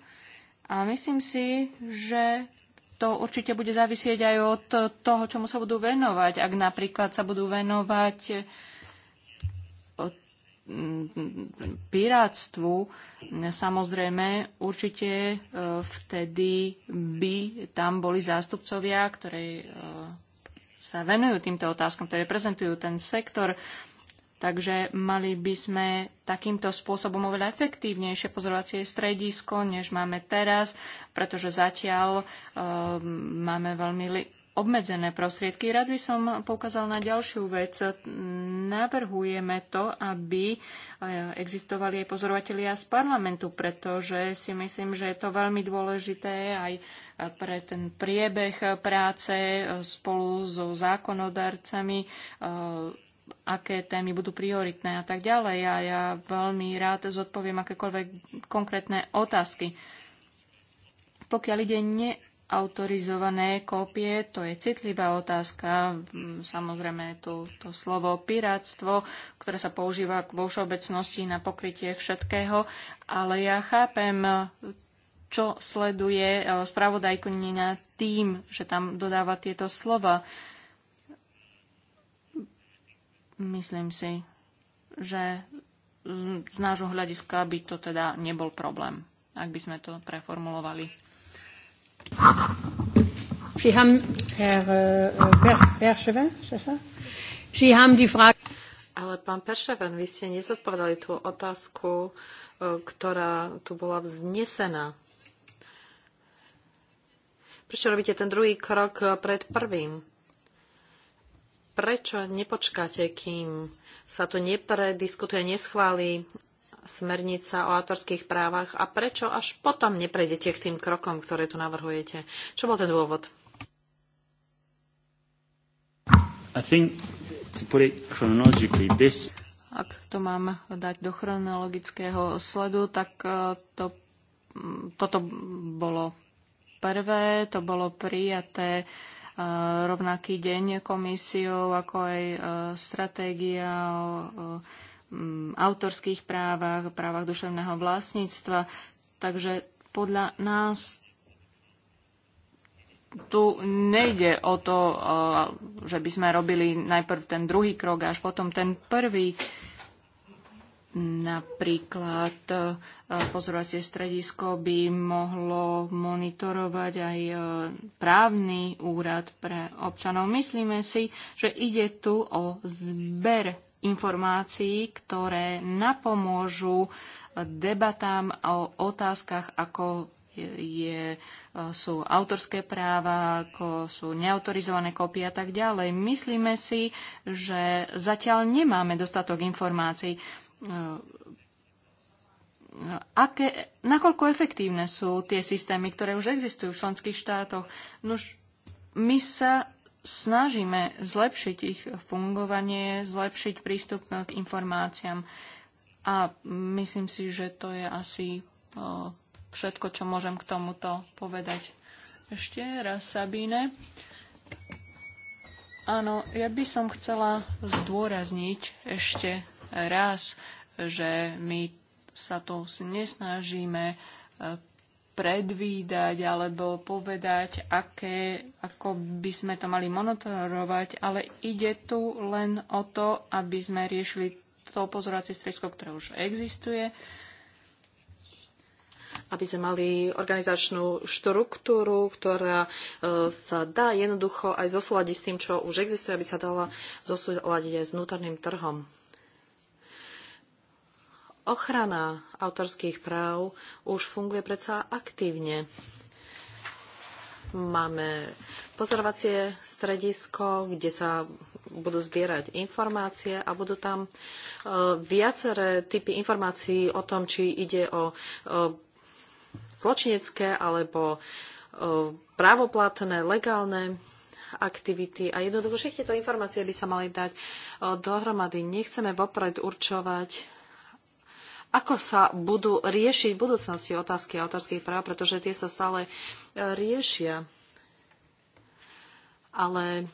A myslím si, že to určite bude závisieť aj od toho, čomu sa budú venovať. Ak napríklad sa budú venovať piráctvu, samozrejme určite e, vtedy by tam boli zástupcovia, ktorí e, sa venujú týmto otázkom, ktorí reprezentujú ten sektor. Takže mali by sme takýmto spôsobom oveľa efektívnejšie pozorovacie stredisko, než máme teraz, pretože zatiaľ um, máme veľmi li- obmedzené prostriedky. Rád by som poukázal na ďalšiu vec. Navrhujeme to, aby e, existovali aj pozorovatelia z parlamentu, pretože si myslím, že je to veľmi dôležité aj pre ten priebeh práce e, spolu so zákonodarcami e, aké témy budú prioritné a tak ďalej. A ja veľmi rád zodpoviem akékoľvek konkrétne otázky. Pokiaľ ide ne, autorizované kópie, to je citlivá otázka. Mm, Samozrejme, tu to slovo piráctvo, ktoré sa používa vo všeobecnosti na pokrytie všetkého, ale ja chápem, čo sleduje e, spravodajkonina tým, že tam dodáva tieto slova. Myslím si, že z nášho hľadiska by to teda nebol problém, ak by sme to preformulovali. Sie haben, Herr Perscheven, äh, Sie haben die Frage... Ale pán Perševen, vy ste nezodpovedali tú otázku, e, ktorá tu bola vznesená. Prečo robíte ten druhý krok e, pred prvým? Prečo nepočkáte, kým sa tu neprediskutuje, neschváli smernica o autorských právach a prečo až potom neprejdete k tým krokom, ktoré tu navrhujete? Čo bol ten dôvod? I think, to put it chronologically, this... Ak to mám dať do chronologického sledu, tak e, to, toto bolo prvé, to bolo prijaté e, rovnaký deň komisiou, ako aj e, stratégia o autorských právach, právach duševného vlastníctva. Takže podľa nás tu nejde o to, že by sme robili najprv ten druhý krok až potom ten prvý. Napríklad e, pozorovacie stredisko by mohlo monitorovať aj e, právny úrad pre občanov. Myslíme si, že ide tu o zber informácií, ktoré napomôžu debatám o otázkach, ako je, sú autorské práva, ako sú neautorizované kopie a tak ďalej. Myslíme si, že zatiaľ nemáme dostatok informácií. No, aké, nakoľko efektívne sú tie systémy, ktoré už existujú v členských štátoch? Nož, my sa snažíme zlepšiť ich fungovanie, zlepšiť prístup k informáciám. A myslím si, že to je asi všetko, čo môžem k tomuto povedať. Ešte raz, Sabine. Áno, ja by som chcela zdôrazniť ešte raz, že my sa tu nesnažíme e, predvídať alebo povedať, aké, ako by sme to mali monitorovať, ale ide tu len o to, aby sme riešili to pozorovacie stredisko, ktoré už existuje, aby sme mali organizačnú štruktúru, ktorá e, sa dá jednoducho aj zosúľadiť s tým, čo už existuje, aby sa dala zosúľadiť aj s vnútorným trhom. Ochrana autorských práv už funguje predsa aktívne. Máme pozorovacie stredisko, kde sa budú zbierať informácie a budú tam e, viaceré typy informácií o tom, či ide o e, zločinecké alebo e, právoplatné, legálne aktivity a jednoducho všetky tieto informácie by sa mali dať dohromady. Nechceme vopred určovať ako sa budú riešiť v budúcnosti otázky autorských práv, pretože tie sa stále e, riešia. Ale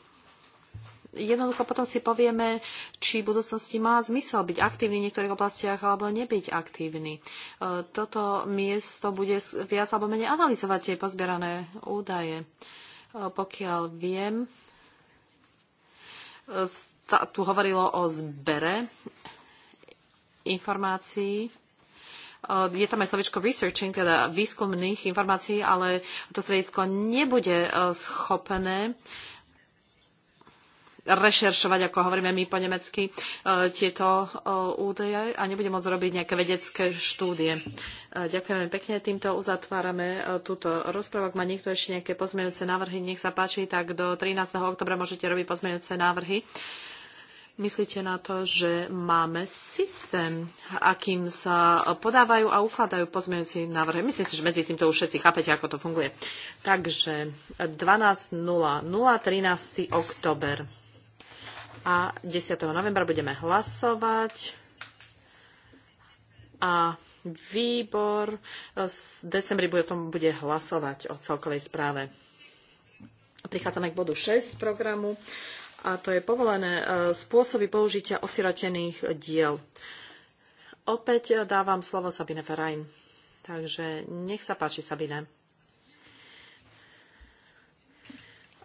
jednoducho potom si povieme, či v budúcnosti má zmysel byť aktívny v niektorých oblastiach alebo nebyť aktívny. E, toto miesto bude viac alebo menej analyzovať tie pozbierané údaje. E, pokiaľ viem, tu hovorilo o zbere informácií. Ehm, je tam aj slovičko researching, teda výskumných informácií, ale to stredisko nebude e, schopné rešeršovať, ako hovoríme my po nemecky, e, tieto e, údaje a nebude môcť robiť nejaké vedecké štúdie. Ďakujeme pekne, týmto uzatvárame túto rozprávu. Ak má niekto ešte nejaké pozmeňujúce návrhy, nech sa páči, tak do 13. oktobra môžete robiť pozmeňujúce návrhy. Myslíte na to, že máme systém, akým sa podávajú a ukladajú pozmeňujúci návrhy? Myslím si, že medzi týmto už všetci chápete, ako to funguje. Takže 12.00, 13. oktober a 10. novembra budeme hlasovať a výbor z decembri bude, tom bude hlasovať o celkovej správe. Prichádzame k bodu 6 programu a to je povolené e, spôsoby použitia osiratených diel. Opäť e, dávam slovo Sabine Ferajn. Takže nech sa páči, Sabine.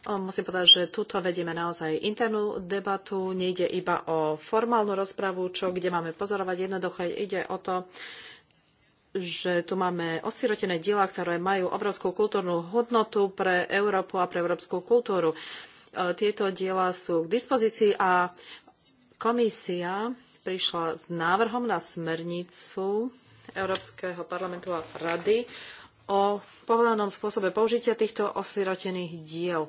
Musím povedať, že tuto vedieme naozaj internú debatu. Nejde iba o formálnu rozpravu, čo kde máme pozorovať. Jednoducho ide o to, že tu máme osirotené diela, ktoré majú obrovskú kultúrnu hodnotu pre Európu a pre európsku kultúru. E, tieto diela sú k dispozícii a komisia prišla s návrhom na smernicu Európskeho parlamentu a rady o povedanom spôsobe použitia týchto osirotených diel.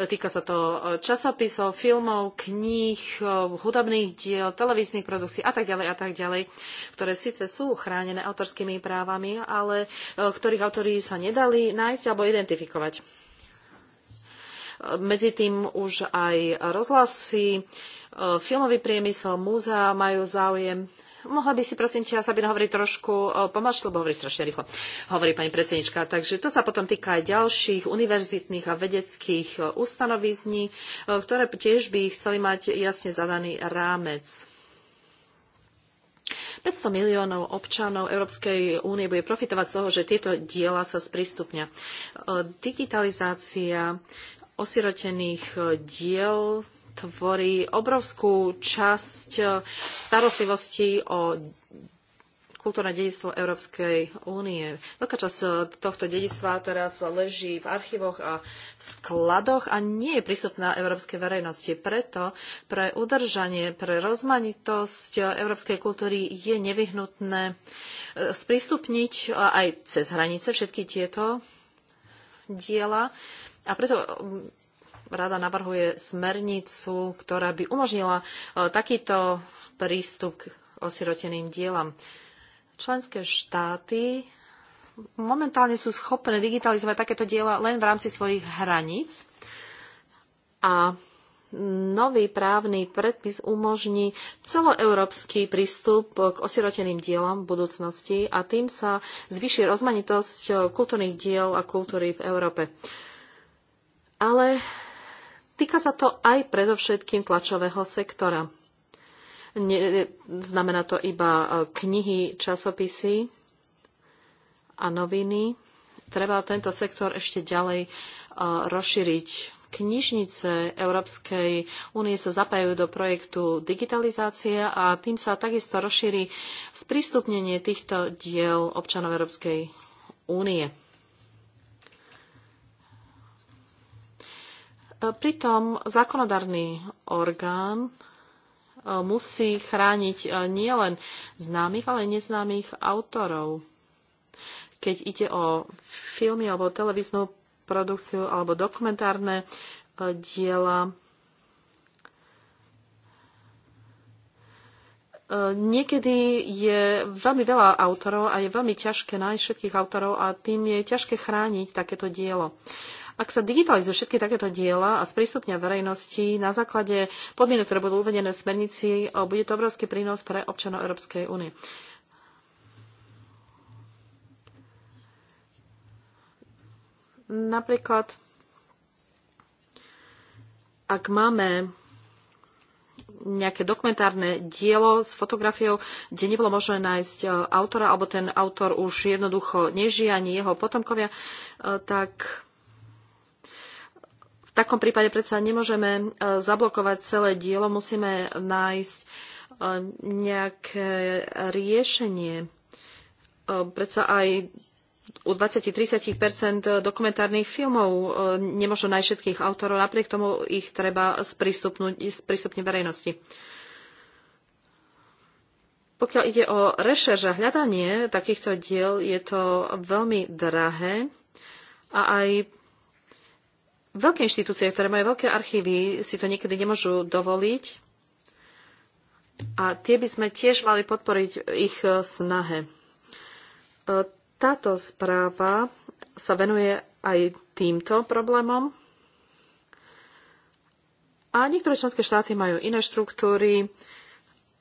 E, týka sa to e, časopisov, filmov, kníh, hudobných diel, televíznych produkcií a tak ďalej a tak ďalej, ktoré síce sú chránené autorskými právami, ale ktorých autori sa nedali nájsť alebo identifikovať. Medzi tým už aj rozhlasy, e, filmový priemysel, múzea majú záujem mohla by si prosím ťa, Sabina, hovoriť trošku e, pomalšie, lebo hovorí strašne rýchlo, hovorí pani predsednička. Takže to sa potom týka aj ďalších univerzitných a vedeckých e, ustanovizní, ktoré tiež by chceli mať jasne zadaný rámec. 500 miliónov občanov Európskej únie bude profitovať z toho, že tieto diela sa sprístupňa. Digitalizácia osirotených e, diel tvorí obrovskú časť e, starostlivosti o kultúrne dedictvo Európskej únie. Veľká časť e, tohto dedictva teraz leží v archívoch a v skladoch a nie je prístupná európskej verejnosti. Preto pre udržanie, pre rozmanitosť európskej kultúry je nevyhnutné sprístupniť aj cez hranice všetky tieto diela a preto mm, rada navrhuje smernicu, ktorá by umožnila e, takýto prístup k osiroteným dielam. Členské štáty momentálne sú schopné digitalizovať takéto diela len v rámci svojich hraníc a nový právny predpis umožní celoeurópsky prístup k osiroteným dielam v budúcnosti a tým sa zvýši rozmanitosť e, kultúrnych diel a kultúry v Európe ale týka sa to aj predovšetkým tlačového sektora. Ne, znamená to iba e, knihy, časopisy a noviny. Treba tento sektor ešte ďalej e, rozšíriť knižnice Európskej únie sa zapájajú do projektu digitalizácie a tým sa takisto rozšíri sprístupnenie týchto diel občanov Európskej únie. E, pritom zákonodárny orgán e, musí chrániť e, nielen známych, ale aj neznámych autorov. Keď ide o filmy alebo televíznu produkciu alebo dokumentárne diela, Niekedy je veľmi veľa autorov a je veľmi ťažké nájsť všetkých autorov a tým je ťažké chrániť takéto dielo. Ak sa digitalizujú všetky takéto diela a sprístupnia verejnosti na základe podmienok, ktoré budú uvedené v smernici, bude to obrovský prínos pre občanov Európskej únie. Napríklad, ak máme nejaké dokumentárne dielo s fotografiou, kde nebolo možné nájsť e, autora, alebo ten autor už jednoducho nežije, ani jeho potomkovia, e, tak takom prípade predsa nemôžeme e, zablokovať celé dielo, musíme nájsť e, nejaké riešenie. E, predsa aj u 20-30 dokumentárnych filmov nemôžu nájsť všetkých autorov, napriek tomu ich treba sprístupniť verejnosti. Pokiaľ ide o rešerž a hľadanie takýchto diel, je to veľmi drahé a aj veľké inštitúcie, ktoré majú veľké archívy, si to niekedy nemôžu dovoliť. A tie by sme tiež mali podporiť ich eh, snahe. Eh, táto správa sa venuje aj týmto problémom. A niektoré členské štáty majú iné štruktúry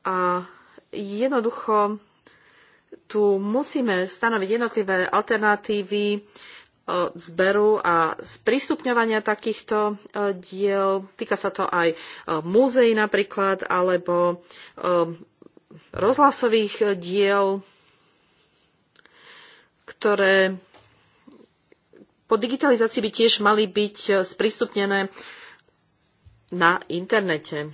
a jednoducho tu musíme stanoviť jednotlivé alternatívy, E, zberu a sprístupňovania takýchto e, diel. Týka sa to aj e, múzeí napríklad, alebo rozhlasových diel, ktoré po digitalizácii by tiež mali byť sprístupnené na internete.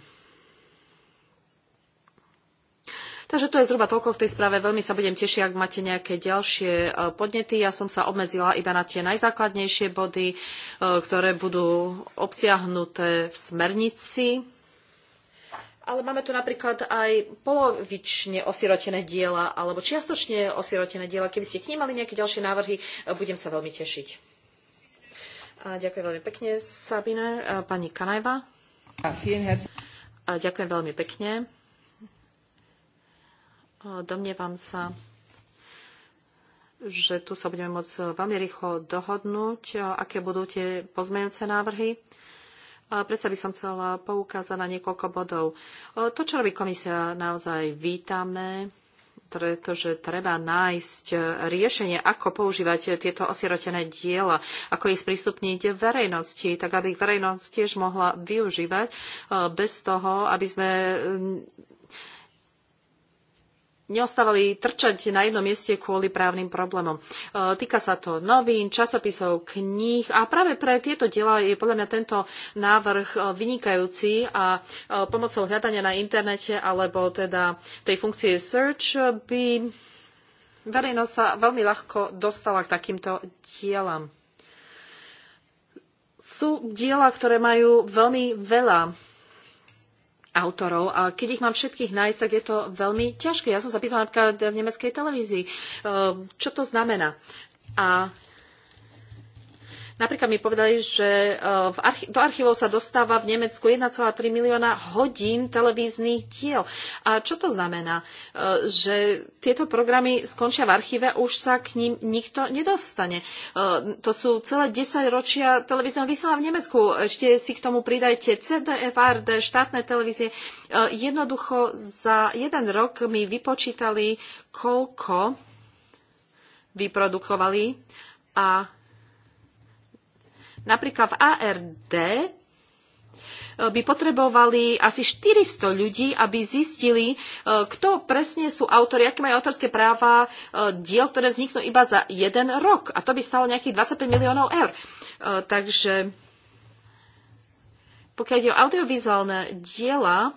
Takže to je zhruba toľko v tej správe. Veľmi sa budem tešiť, ak máte nejaké ďalšie e, podnety. Ja som sa obmedzila iba na tie najzákladnejšie body, e, ktoré budú obsiahnuté v smernici. Ale máme tu napríklad aj polovične osirotené diela alebo čiastočne osirotené diela. Keby ste k ním mali nejaké ďalšie návrhy, e, budem sa veľmi tešiť. A ďakujem veľmi pekne, Sabine. Pani Kanajba. A ďakujem veľmi pekne. Domnievam sa, že tu sa budeme môcť veľmi rýchlo dohodnúť, aké budú tie pozmeňujúce návrhy. Predsa by som chcela poukázať na niekoľko bodov. To, čo robí komisia, naozaj vítame, pretože treba nájsť riešenie, ako používať tieto osierotené diela, ako ich sprístupniť verejnosti, tak aby ich verejnosť tiež mohla využívať bez toho, aby sme neostávali trčať na jednom mieste kvôli právnym problémom. E, týka sa to novín, časopisov, kníh a práve pre tieto diela je podľa mňa tento návrh e, vynikajúci a e, pomocou hľadania na internete alebo teda tej funkcie search by verejnosť sa veľmi ľahko dostala k takýmto dielam. Sú diela, ktoré majú veľmi veľa autorov a keď ich mám všetkých nájsť, tak je to veľmi ťažké. Ja som sa pýtala napríklad v nemeckej televízii, e, čo to znamená. A Napríklad mi povedali, že e, v archi- do archívov sa dostáva v Nemecku 1,3 milióna hodín televíznych diel. A čo to znamená? E, že tieto programy skončia v archíve, už sa k ním nikto nedostane. E, to sú celé 10 ročia televízneho vysiela v Nemecku. Ešte si k tomu pridajte CDF, ARD, štátne televízie. Jednoducho za jeden rok mi vypočítali, koľko vyprodukovali a Napríklad v ARD eh, by potrebovali asi 400 ľudí, aby zistili, eh, kto presne sú autori, aké majú autorské práva eh, diel, ktoré vzniknú iba za jeden rok. A to by stalo nejakých 25 miliónov eur. Takže pokiaľ ide o audiovizuálne diela,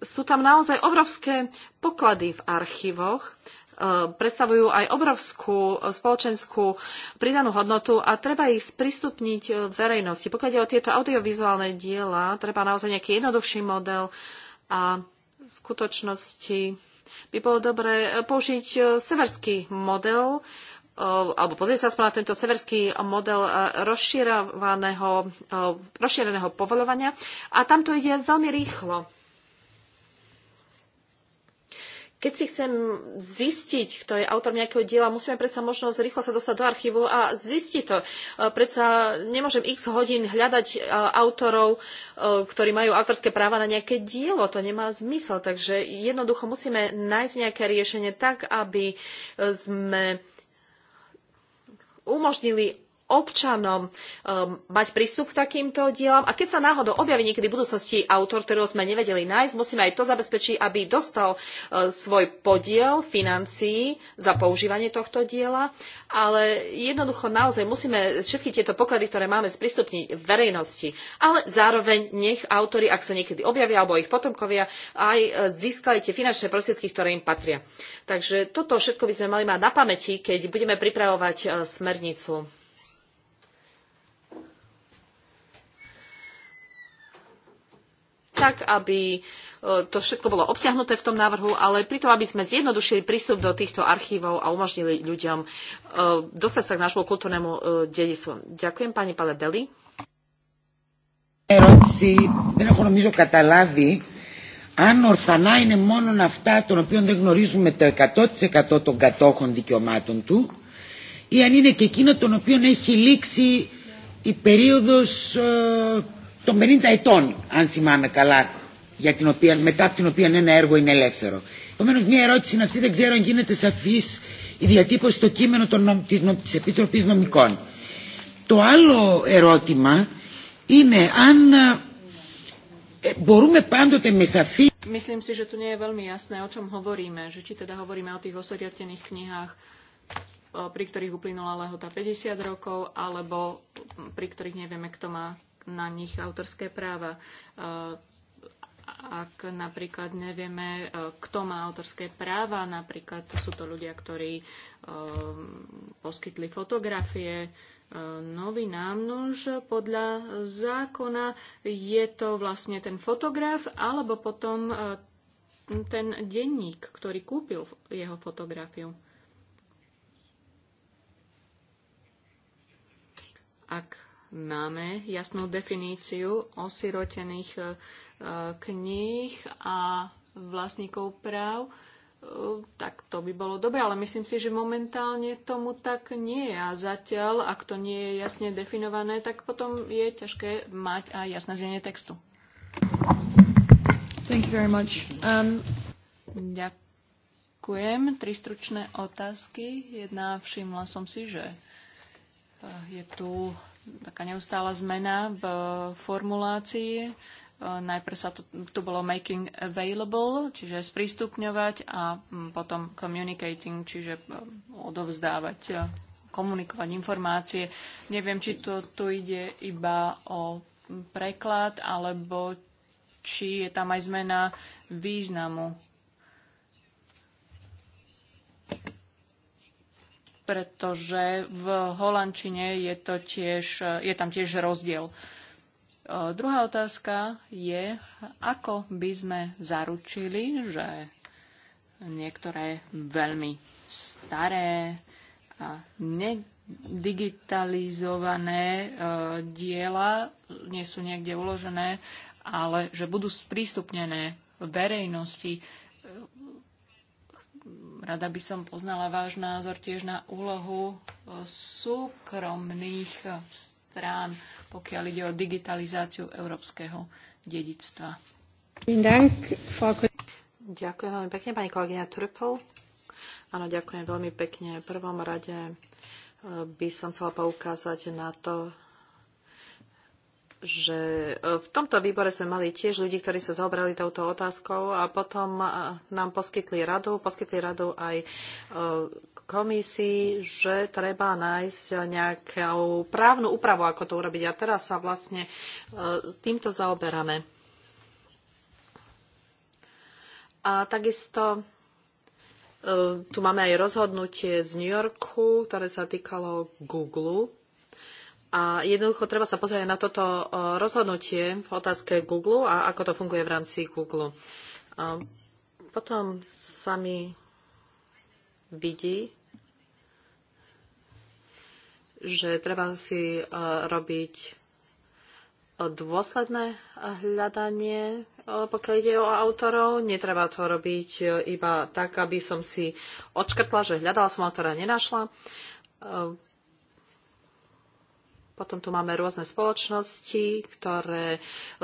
sú tam naozaj obrovské poklady v archívoch E, predstavujú aj obrovskú e, spoločenskú pridanú hodnotu a treba ich sprístupniť e, verejnosti. Pokiaľ ide o tieto audiovizuálne diela, treba naozaj nejaký jednoduchší model a v skutočnosti by bolo dobré použiť severský model, alebo pozrieť sa aspoň na tento severský model rozšíreného, povoľovania. povolovania. A tam to ide veľmi rýchlo. Keď si chcem zistiť, kto je autor nejakého diela, musíme predsa možnosť rýchlo sa dostať do archívu a zistiť to. E, predsa nemôžem x hodín hľadať e, autorov, e, ktorí majú autorské práva na nejaké dielo. To nemá zmysel. Takže jednoducho musíme nájsť nejaké riešenie tak, aby sme umožnili občanom um, mať prístup k takýmto dielam. A keď sa náhodou objaví niekedy v budúcnosti autor, ktorého sme nevedeli nájsť, musíme aj to zabezpečiť, aby dostal uh, svoj podiel financií za používanie tohto diela. Ale jednoducho naozaj musíme všetky tieto poklady, ktoré máme, sprístupniť verejnosti. Ale zároveň nech autory, ak sa niekedy objavia, alebo ich potomkovia, aj uh, získali tie finančné prostriedky, ktoré im patria. Takže toto všetko by sme mali mať na pamäti, keď budeme pripravovať uh, smernicu tak, aby e, to všetko bolo obsiahnuté v tom návrhu, ale pritom, aby sme zjednodušili prístup do týchto archívov a umožnili ľuďom e, dostať sa k nášmu kultúrnemu e, dedictvu. Ďakujem, pani Paledeli. Ερώτηση, δεν έχω νομίζω καταλάβει αν ορφανά είναι μόνο αυτά των οποίων δεν γνωρίζουμε το 100% των κατόχων δικαιωμάτων του ή αν είναι και εκείνο των οποίων έχει λήξει η περίοδος ε, των 50 ετών, αν θυμάμαι καλά, για την οποία, μετά από την οποία ένα έργο είναι ελεύθερο. Επομένω, μια ερώτηση είναι αυτή, δεν ξέρω αν γίνεται σαφή η διατύπωση στο κείμενο των, της, της Επιτροπής Νομικών. Το άλλο ερώτημα είναι αν μπορούμε πάντοτε με σαφή... Myslím si, že tu nie je veľmi jasné, o čom hovoríme. Že či teda hovoríme o tých osoriatených knihách, pri ktorých uplynula lehota 50 rokov, alebo pri ktorých nevieme, kto má na nich autorské práva. Ak napríklad nevieme, e, kto má autorské práva, napríklad sú to ľudia, ktorí e, poskytli fotografie, e, novinám. Nož podľa zákona je to vlastne ten fotograf alebo potom ten denník, ktorý kúpil jeho fotografiu. Ak máme jasnú definíciu osirotených e, kníh a vlastníkov práv, e, tak to by bolo dobre, ale myslím si, že momentálne tomu tak nie je. A zatiaľ, ak to nie je jasne definované, tak potom je ťažké mať aj jasné znenie textu. Thank you very much. Um... Ďakujem. Tri stručné otázky. Jedna, všimla som si, že e, je tu taká neustála zmena v formulácii. E, najprv sa tu, tu bolo making available, čiže sprístupňovať a mm, potom communicating, čiže e, odovzdávať, e, komunikovať informácie. Neviem, či to tu ide iba o preklad, alebo či je tam aj zmena významu pretože v holandčine je, to tiež, je tam tiež rozdiel. E, druhá otázka je, ako by sme zaručili, že niektoré veľmi staré a nedigitalizované e, diela nie sú niekde uložené, ale že budú sprístupnené verejnosti Rada by som poznala váš názor tiež na úlohu e, súkromných e, strán, pokiaľ ide o digitalizáciu európskeho dedictva. Ďakujem veľmi pekne, pani kolegyňa Trpol. Áno, ďakujem veľmi pekne. V prvom rade e, by som chcela poukázať na to, že e, v tomto výbore sme mali tiež ľudí, ktorí sa zaobrali touto otázkou a potom e, nám poskytli radu, poskytli radu aj e, komisii, že treba nájsť nejakú právnu úpravu, ako to urobiť. A teraz sa vlastne týmto zaoberáme. A takisto tu máme aj rozhodnutie z New Yorku, ktoré sa týkalo Google a jednoducho treba sa pozrieť na toto rozhodnutie v otázke Google a ako to funguje v rámci Google. A potom sa mi vidí, že treba si robiť dôsledné hľadanie, pokiaľ ide o autorov. Netreba to robiť iba tak, aby som si odškrtla, že hľadala som autora a nenašla. Potom tu máme rôzne spoločnosti, ktoré e,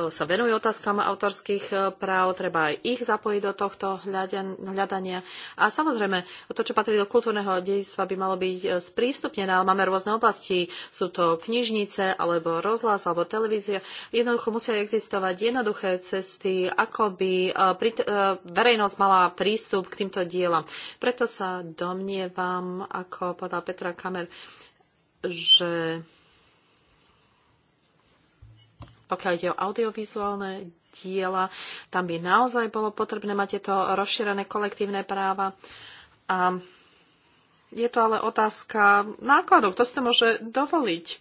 sa venujú otázkam autorských e, práv, treba aj ich zapojiť do tohto hľadania. A samozrejme, to, čo patrí do kultúrneho dejstva, by malo byť e, sprístupnené, ale máme rôzne oblasti. Sú to knižnice, alebo rozhlas, alebo televízia. Jednoducho musia existovať jednoduché cesty, ako by verejnosť mala prístup k týmto dielam. Preto sa domnievam, ako povedal Petra Kamer, že pokiaľ ide o audiovizuálne diela, tam by naozaj bolo potrebné mať tieto rozšírené kolektívne práva. A je to ale otázka nákladov. Kto si to môže dovoliť?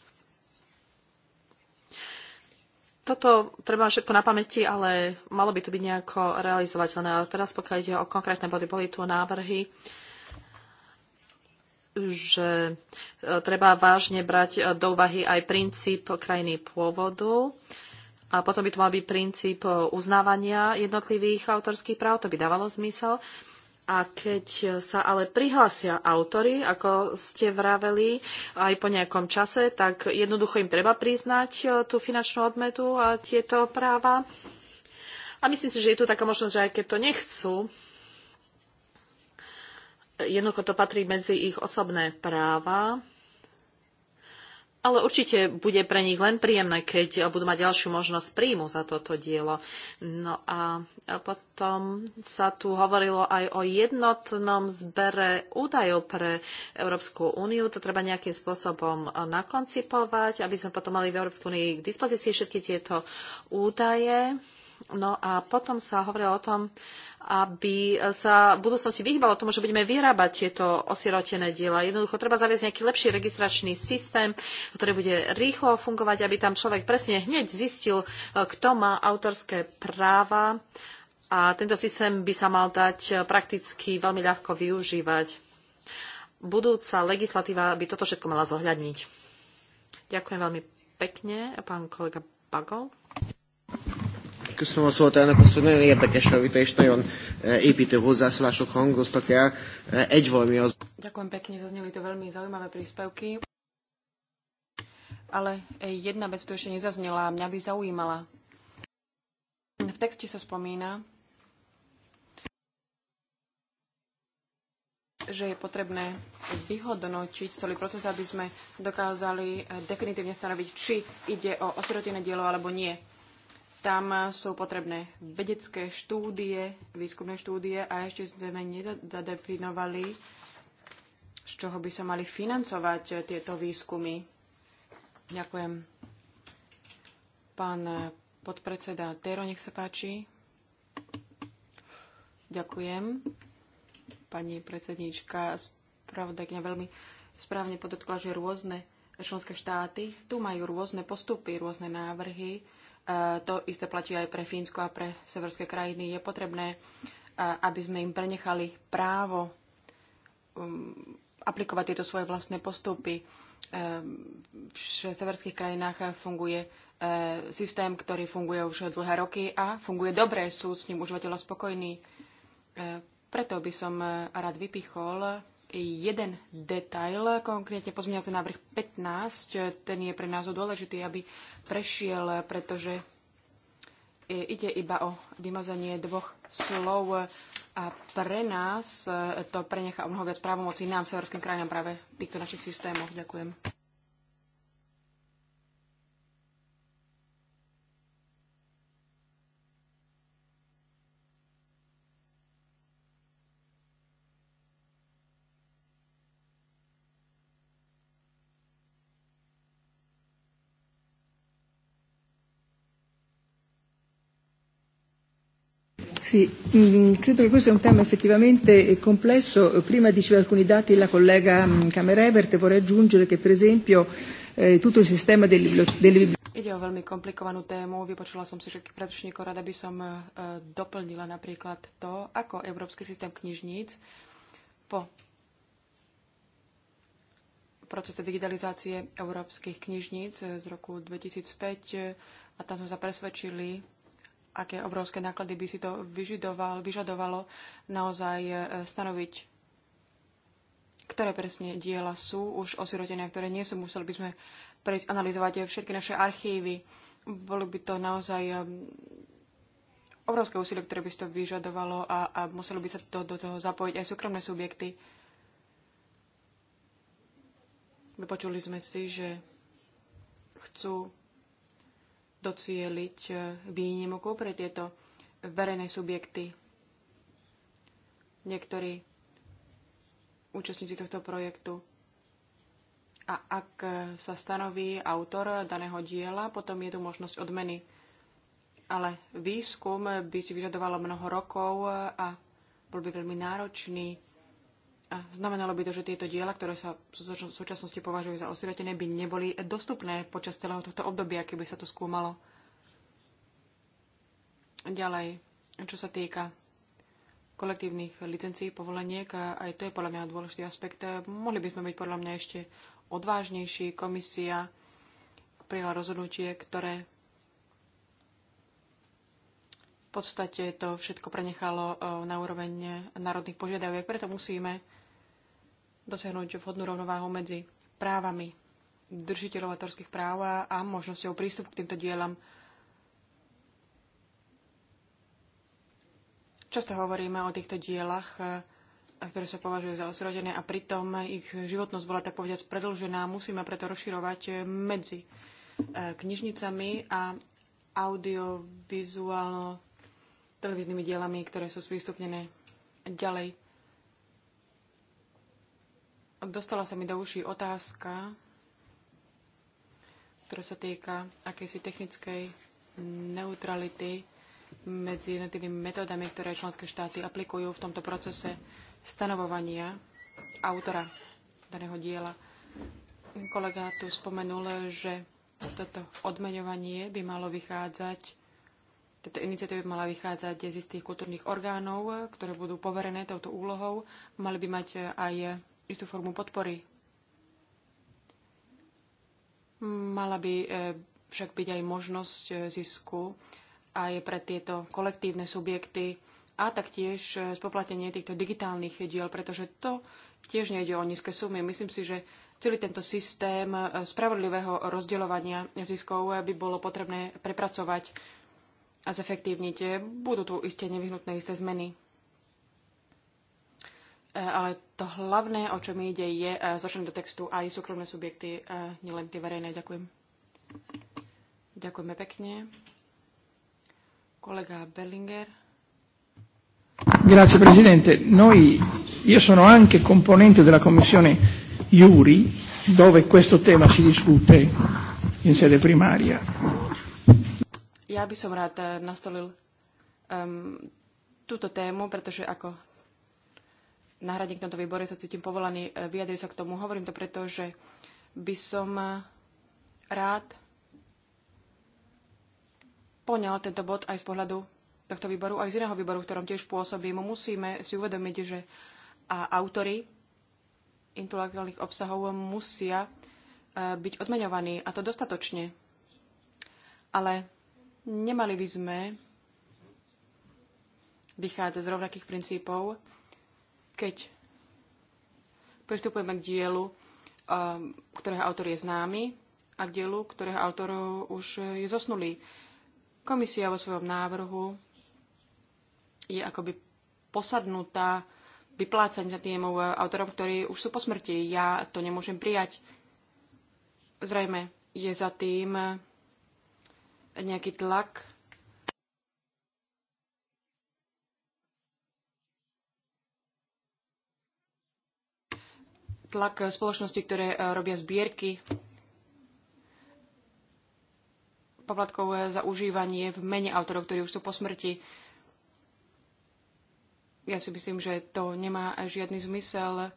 toto treba všetko na pamäti, ale malo by to byť nejako realizovateľné. A teraz pokiaľ ide o konkrétne body, boli tu návrhy že e, treba vážne brať e, do úvahy aj princíp krajiny pôvodu. A potom by to mal byť princíp e, uznávania jednotlivých autorských práv, to by dávalo zmysel. A keď sa ale prihlásia autory, ako ste vraveli, aj po nejakom čase, tak jednoducho im treba priznať tú finančnú odmetu a tieto práva. A myslím si, že je tu taká možnosť, že aj keď to nechcú, Jednoducho to patrí medzi ich osobné práva, ale určite bude pre nich len príjemné, keď budú mať ďalšiu možnosť príjmu za toto dielo. No a potom sa tu hovorilo aj o jednotnom zbere údajov pre Európsku úniu. To treba nejakým spôsobom nakoncipovať, aby sme potom mali v Európskej únii k dispozícii všetky tieto údaje No a potom sa hovorilo o tom, aby sa v budúcnosti vyhýbalo tomu, že budeme vyrábať tieto osirotené diela. Jednoducho treba zaviesť nejaký lepší registračný systém, ktorý bude rýchlo fungovať, aby tam človek presne hneď zistil, e, kto má autorské práva a tento systém by sa mal dať e, prakticky veľmi ľahko využívať. Budúca legislatíva by toto všetko mala zohľadniť. Ďakujem veľmi pekne, pán kolega Bagol. Köszönöm a szót, elnök asszony. Nagyon érdekes a vita, és nagyon eh, építő hozzászólások hangoztak el. Eh, egy valami az... Ďakujem pekne, zazneli to veľmi zaujímavé príspevky. Ale jedna vec tu ešte nezaznela mňa by zaujímala. V texte sa spomína, že je potrebné vyhodnočiť celý proces, aby sme dokázali eh, definitívne stanoviť, či ide o osirotené dielo alebo nie. Tam sú potrebné vedecké štúdie, výskumné štúdie a ešte sme nezadefinovali, z čoho by sa mali financovať tieto výskumy. Ďakujem. Pán podpredseda Tero, nech sa páči. Ďakujem. Pani predsedníčka, spravodajkňa veľmi správne podotkla, že rôzne členské štáty tu majú rôzne postupy, rôzne návrhy to isté platí aj pre Fínsko a pre severské krajiny. Je potrebné, aby sme im prenechali právo um, aplikovať tieto svoje vlastné postupy. Um, v severských krajinách funguje e, systém, ktorý funguje už dlhé roky a funguje dobre, sú s ním užívateľa spokojní. E, preto by som e, rád vypichol jeden detail, konkrétne pozmeňovací návrh 15, ten je pre nás dôležitý, aby prešiel, pretože ide iba o vymazanie dvoch slov a pre nás to prenechá o mnoho viac právomocí nám, severským krajinám, práve týchto našich systémov. Ďakujem. Sì, mm, credo che questo è un tema effettivamente eh, complesso. Eh, prima diceva alcuni dati la collega mm, Camerevert, vorrei aggiungere che per esempio eh, tutto il sistema delle, delle Ide o veľmi komplikovanú tému. Vypočula som si všetkých predrečníkov, rada by som e, doplnila napríklad to, ako Európsky systém knižníc po procese digitalizácie európskych knižníc z roku 2005 a tam sme sa presvedčili, aké obrovské náklady by si to vyžadoval, vyžadovalo naozaj e, stanoviť, ktoré presne diela sú už osirotené, ktoré nie sú. Museli by sme prejsť analyzovať všetky naše archívy. Bolo by to naozaj e, obrovské úsilie, ktoré by si to vyžadovalo a, a museli by sa to, do toho zapojiť aj súkromné subjekty. Vypočuli sme si, že chcú docieliť e, výnimku pre tieto verejné subjekty. Niektorí účastníci tohto projektu. A ak e, sa stanoví autor daného diela, potom je tu možnosť odmeny. Ale výskum by si vyžadovalo mnoho rokov e, a bol by veľmi náročný a znamenalo by to, že tieto diela, ktoré sa v súčasnosti považujú za osiratené, by neboli dostupné počas celého tohto obdobia, keby sa to skúmalo. Ďalej, čo sa týka kolektívnych licencií, povoleniek, aj to je podľa mňa dôležitý aspekt. Mohli by sme byť podľa mňa ešte odvážnejší. Komisia prijala rozhodnutie, ktoré v podstate to všetko prenechalo eh, na úroveň národných požiadaviek, preto musíme dosiahnuť vhodnú rovnováhu medzi právami držiteľov autorských práv a možnosťou prístup k týmto dielam. Často hovoríme o týchto dielach, e, ktoré sa považujú za osrodené a pritom ich životnosť bola tak povediať predlžená. Musíme preto rozširovať medzi e, knižnicami a audiovizuálno televíznymi dielami, ktoré sú sprístupnené ďalej. Dostala sa mi do uší otázka, ktorá sa týka akejsi technickej neutrality medzi jednotlivými metódami, ktoré členské štáty aplikujú v tomto procese stanovovania autora daného diela. Kolega tu spomenul, že toto odmeňovanie by malo vychádzať, táto iniciatíva by mala vychádzať z istých kultúrnych orgánov, ktoré budú poverené touto úlohou. Mali by mať aj istú formu podpory. Mala by e, však byť aj možnosť e, zisku aj pre tieto kolektívne subjekty a taktiež e, spoplatenie týchto digitálnych diel, pretože to tiež nejde o nízke sumy. Myslím si, že celý tento systém spravodlivého rozdeľovania ziskov by bolo potrebné prepracovať a zefektívniť. Budú tu iste nevyhnutné isté zmeny. Eh, ale to hlavné, o čo mi ide, je eh, zložené do textu aj súkromné subjekty, eh, nielen tie verejné. Ďakujem. Ďakujeme pekne. Kolega Berlinger. Grazie Presidente. Noi, io sono anche componente della Commissione Iuri, dove questo tema si discute in sede primaria. Ja by som rád nastolil um, túto tému, pretože ako náhradník tomto výbore, sa cítim povolaný e, vyjadriť sa k tomu. Hovorím to preto, že by som e, rád poňal tento bod aj z pohľadu tohto výboru, aj z iného výboru, v ktorom tiež pôsobím. Musíme si uvedomiť, že a autory intelektuálnych obsahov musia e, byť odmeňovaní, a to dostatočne. Ale nemali by sme vychádzať z rovnakých princípov, keď pristupujeme k dielu, um, ktorého autor je známy a k dielu, ktorého autorov už je zosnulý. Komisia vo svojom návrhu je akoby posadnutá vyplácať tým autorom, ktorí už sú po smrti. Ja to nemôžem prijať. Zrejme je za tým nejaký tlak tlak spoločnosti, ktoré e, robia zbierky poplatkov e, za užívanie v mene autorov, ktorí už sú po smrti. Ja si myslím, že to nemá žiadny zmysel.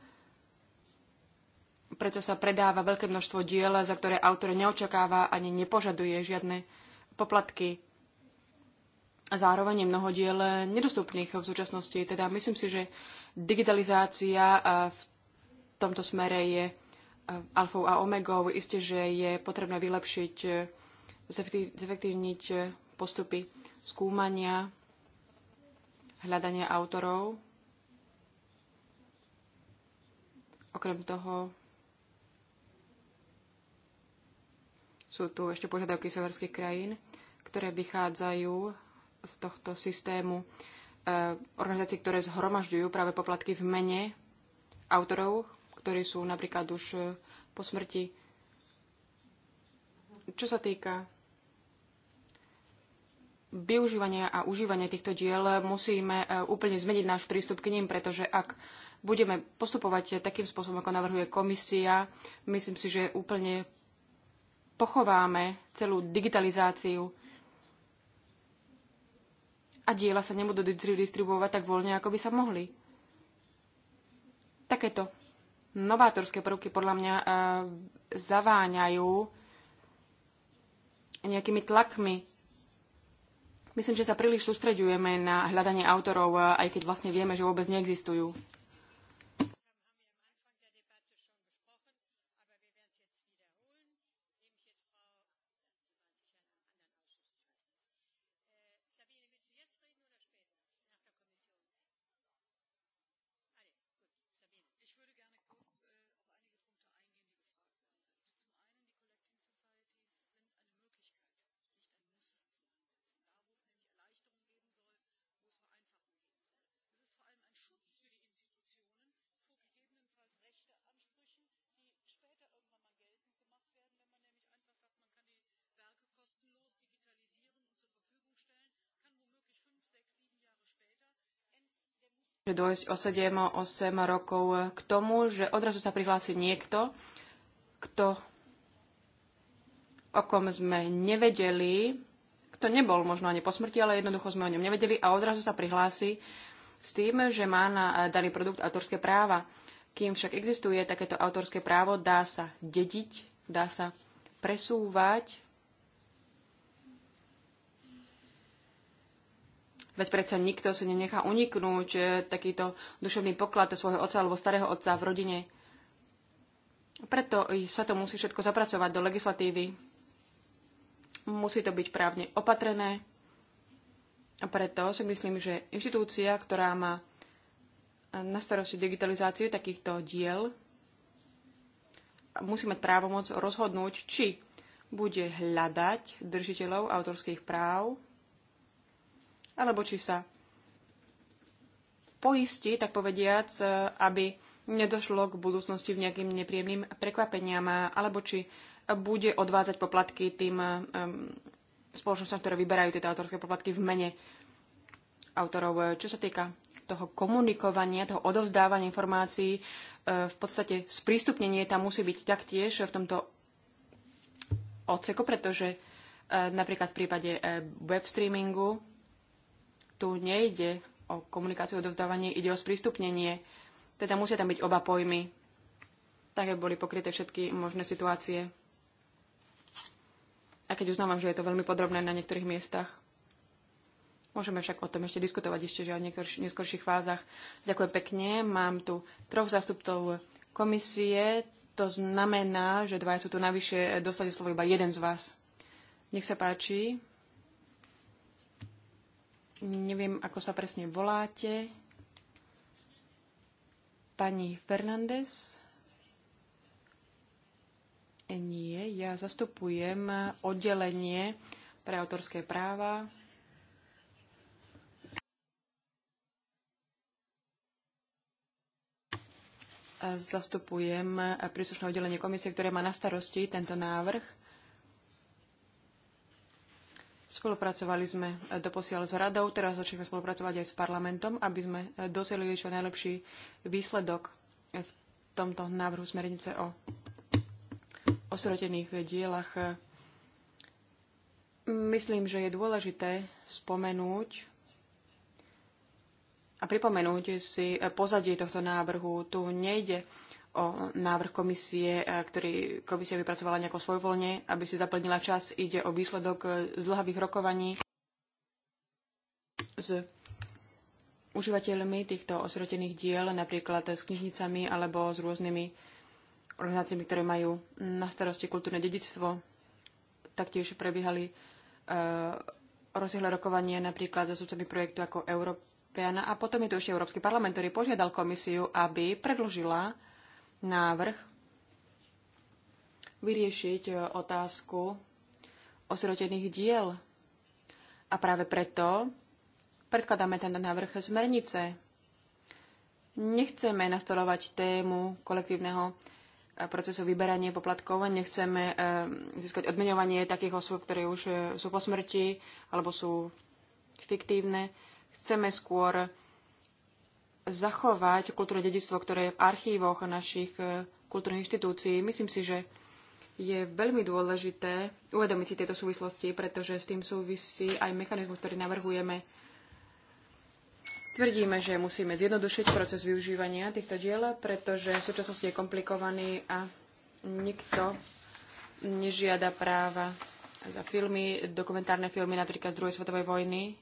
Prečo sa predáva veľké množstvo diel, za ktoré autor neočakáva ani nepožaduje žiadne poplatky. A zároveň je mnoho diel nedostupných v súčasnosti. Teda myslím si, že digitalizácia e, v tomto smere je eh, alfou a omegou. Isté, že je potrebné vylepšiť, eh, zefektívniť eh, postupy skúmania, hľadania autorov. Okrem toho sú tu ešte požiadavky severských krajín, ktoré vychádzajú z tohto systému organizácií, ktoré zhromažďujú práve poplatky v mene autorov, ktorí sú napríklad už e, po smrti. Čo sa týka využívania a užívania týchto diel, musíme e, úplne zmeniť náš prístup k ním, pretože ak budeme postupovať takým spôsobom, ako navrhuje komisia, myslím si, že úplne pochováme celú digitalizáciu a diela sa nebudú distribuovať tak voľne, ako by sa mohli. Takéto novátorské prvky podľa mňa e, zaváňajú nejakými tlakmi. Myslím, že sa príliš sústreďujeme na hľadanie autorov, e, aj keď vlastne vieme, že vôbec neexistujú. môže dôjsť o 7-8 rokov k tomu, že odrazu sa prihlási niekto, kto o kom sme nevedeli, kto nebol možno ani po smrti, ale jednoducho sme o ňom nevedeli a odrazu sa prihlási s tým, že má na eh, daný produkt autorské práva. Kým však existuje takéto autorské právo, dá sa dediť, dá sa presúvať Veď predsa nikto si nenechá uniknúť takýto duševný poklad svojho otca alebo starého otca v rodine. Preto sa to musí všetko zapracovať do legislatívy. Musí to byť právne opatrené. A preto si myslím, že inštitúcia, ktorá má na starosti digitalizáciu takýchto diel, musí mať právomoc rozhodnúť, či bude hľadať držiteľov autorských práv alebo či sa poistí, tak povediac, e, aby nedošlo k budúcnosti v nejakým nepríjemným prekvapeniam, alebo či bude odvádzať poplatky tým um, ktoré vyberajú tieto autorské poplatky v mene autorov. E, čo sa týka toho komunikovania, toho odovzdávania informácií, v podstate sprístupnenie tam musí byť taktiež v tomto odseku, pretože napríklad v prípade web streamingu tu nejde o komunikáciu o dozdávanie, ide o sprístupnenie. Teda musia tam byť oba pojmy, tak aby boli pokryté všetky možné situácie. A keď uznávam, že je to veľmi podrobné na niektorých miestach. Môžeme však o tom ešte diskutovať ešte, že o niektorých neskorších fázach. Ďakujem pekne. Mám tu troch zástupcov komisie. To znamená, že dva sú tu navyše. Dostali slovo iba jeden z vás. Nech sa páči neviem, ako sa presne voláte. Pani Fernández? E, nie, ja zastupujem oddelenie pre autorské práva. Zastupujem príslušné oddelenie komisie, ktoré má na starosti tento návrh. Spolupracovali sme e, doposiaľ s radou, teraz začneme spolupracovať aj s parlamentom, aby sme e, dosielili čo najlepší výsledok e, v tomto návrhu smernice o osrotených dielach. Myslím, že je dôležité spomenúť a pripomenúť si pozadie tohto návrhu. Tu nejde o návrh komisie, e, ktorý komisia vypracovala nejako svojvoľne, aby si zaplnila čas. Ide o výsledok e, zdlhavých rokovaní s užívateľmi týchto osrotených diel, napríklad s knižnicami alebo s rôznymi organizáciami, ktoré majú na starosti kultúrne dedičstvo. Taktiež prebiehali e, rozsiahle rokovanie napríklad so súdcami projektu ako Európeana a potom je tu ešte Európsky parlament, ktorý požiadal komisiu, aby predlžila návrh vyriešiť e, otázku osrotených diel. A práve preto predkladáme ten návrh smernice. Nechceme nastolovať tému kolektívneho e, procesu vyberania poplatkov, nechceme e, získať odmeňovanie takých osôb, ktoré už sú po smrti alebo sú fiktívne. Chceme skôr zachovať kultúrne dedictvo, ktoré je v archívoch našich e, kultúrnych inštitúcií. Myslím si, že je veľmi dôležité uvedomiť si tieto súvislosti, pretože s tým súvisí aj mechanizmus, ktorý navrhujeme. Tvrdíme, že musíme zjednodušiť proces využívania týchto diel, pretože v súčasnosti je komplikovaný a nikto nežiada práva za filmy, dokumentárne filmy napríklad z druhej svetovej vojny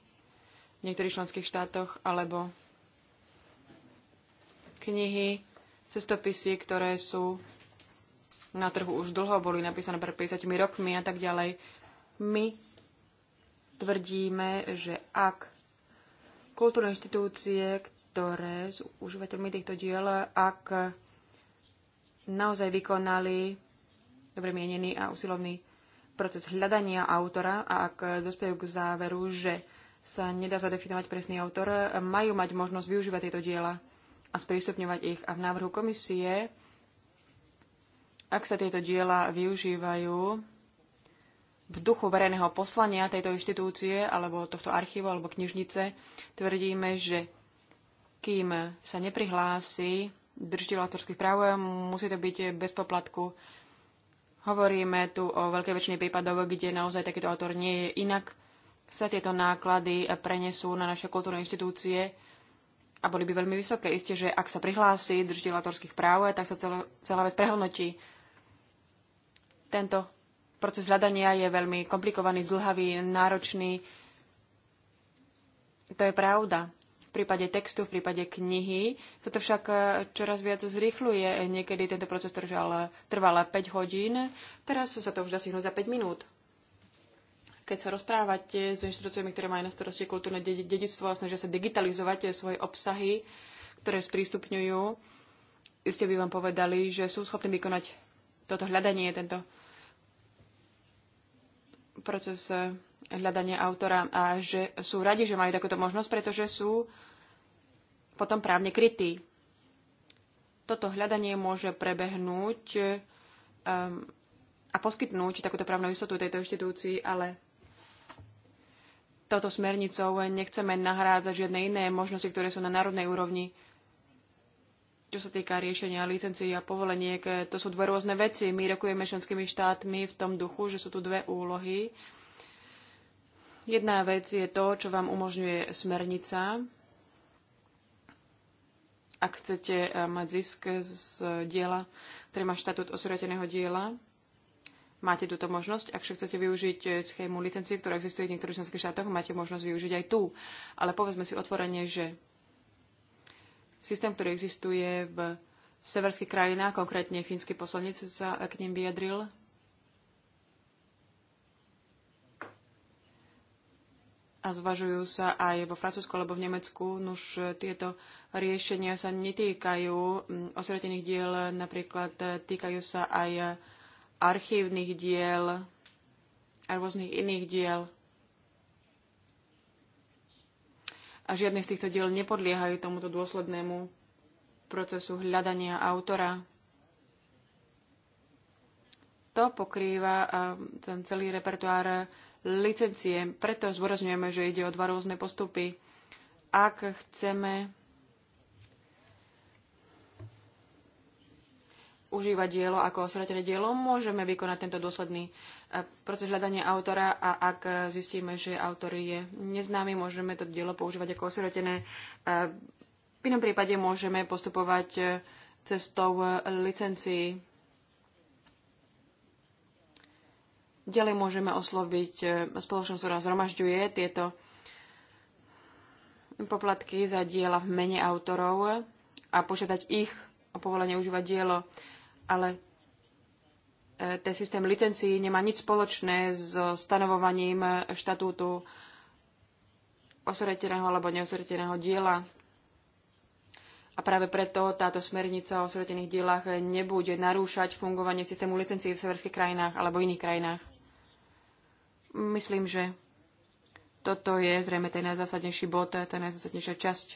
v niektorých členských štátoch, alebo knihy, cestopisy, ktoré sú na trhu už dlho, boli napísané pred 50 rokmi a tak ďalej. My tvrdíme, že ak kultúrne inštitúcie, ktoré sú užívateľmi týchto diel, ak naozaj vykonali dobre mienený a usilovný proces hľadania autora a ak dospejú k záveru, že sa nedá zadefinovať presný autor, majú mať možnosť využívať tieto diela a sprístupňovať ich. A v návrhu komisie, ak sa tieto diela využívajú v duchu verejného poslania tejto inštitúcie alebo tohto archívu alebo knižnice, tvrdíme, že kým sa neprihlási držiteľ autorských práv, musí to byť bez poplatku. Hovoríme tu o veľkej väčšine prípadov, kde naozaj takýto autor nie je inak sa tieto náklady prenesú na naše kultúrne inštitúcie a boli by veľmi vysoké. Isté, že ak sa prihlási držiteľ autorských práv, tak sa celo, celá vec prehodnotí. Tento proces hľadania je veľmi komplikovaný, zlhavý, náročný. To je pravda. V prípade textu, v prípade knihy sa to však e, čoraz viac zrýchluje. Niekedy tento proces trval, trval 5 hodín, teraz sa to už dosiahnu za 5 minút keď sa rozprávate s inštitúciami, ktoré majú na starosti kultúrne dedictvo a snažia sa digitalizovať svoje obsahy, ktoré sprístupňujú, ste by vám povedali, že sú schopní vykonať toto hľadanie, tento proces eh, hľadania autora a že sú radi, že majú takúto možnosť, pretože sú potom právne krytí. Toto hľadanie môže prebehnúť um, a poskytnúť takúto právnu istotu tejto inštitúcii, ale touto smernicou nechceme nahrádzať žiadne iné možnosti, ktoré sú na národnej úrovni. Čo sa týka riešenia licencií a povoleniek, to sú dve rôzne veci. My rokujeme členskými štátmi v tom duchu, že sú tu dve úlohy. Jedna vec je to, čo vám umožňuje smernica. Ak chcete eh, mať zisk z diela, ktoré má štatút osvrateného diela, Máte túto možnosť, ak však chcete využiť eh, schému licencie, ktorá existuje v niektorých členských štátoch, máte možnosť využiť aj tu. Ale povedzme si otvorene, že systém, ktorý existuje v severských krajinách, konkrétne fínsky poslanec sa k ním vyjadril, a zvažujú sa aj vo Francúzsku alebo v Nemecku. Nuž eh, tieto riešenia sa netýkajú mm, osvetených diel, napríklad eh, týkajú sa aj archívnych diel a rôznych iných diel. A žiadne z týchto diel nepodliehajú tomuto dôslednému procesu hľadania autora. To pokrýva ten celý repertoár licencie. Preto zdôrazňujeme, že ide o dva rôzne postupy. Ak chceme užívať dielo ako osvratené dielo, môžeme vykonať tento dôsledný e, proces hľadania autora a ak e, zistíme, že autor je neznámy, môžeme to dielo používať ako osvratené. E, v inom prípade môžeme postupovať cestou licencií. Ďalej môžeme osloviť spoločnosť, ktorá zhromažďuje tieto poplatky za diela v mene autorov a požiadať ich o povolenie užívať dielo ale e, ten systém licencií nemá nič spoločné so stanovovaním e, štatútu osveteného alebo neosveteného diela. A práve preto táto smernica o osvetených dielach nebude narúšať fungovanie systému licencií v severských krajinách alebo iných krajinách. Myslím, že toto je zrejme ten najzásadnejší bod, tá najzásadnejšia časť,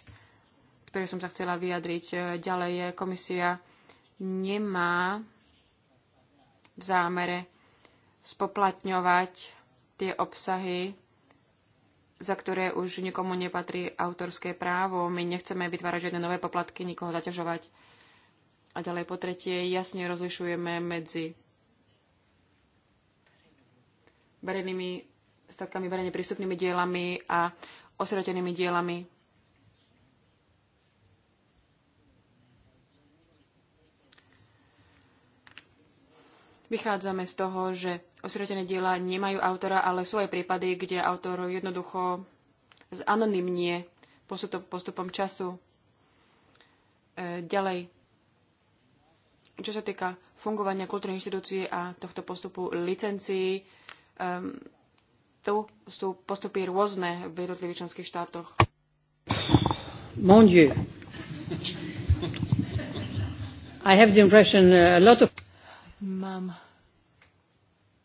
ktorej som sa chcela vyjadriť. E, ďalej je komisia nemá v zámere spoplatňovať tie obsahy, za ktoré už nikomu nepatrí autorské právo. My nechceme vytvárať žiadne nové poplatky, nikoho zaťažovať. A ďalej po tretie, jasne rozlišujeme medzi verejnými statkami verejne prístupnými dielami a osrotenými dielami. Vychádzame z toho, že osvietené diela nemajú autora, ale sú aj prípady, kde autor jednoducho zanonymnie postupom, postupom času. E, ďalej, čo sa týka fungovania kultúrnej inštitúcie a tohto postupu licencií, e, tu sú postupy rôzne v jednotlivých členských štátoch. Mon Dieu. I have the impression uh, a lot of... Mám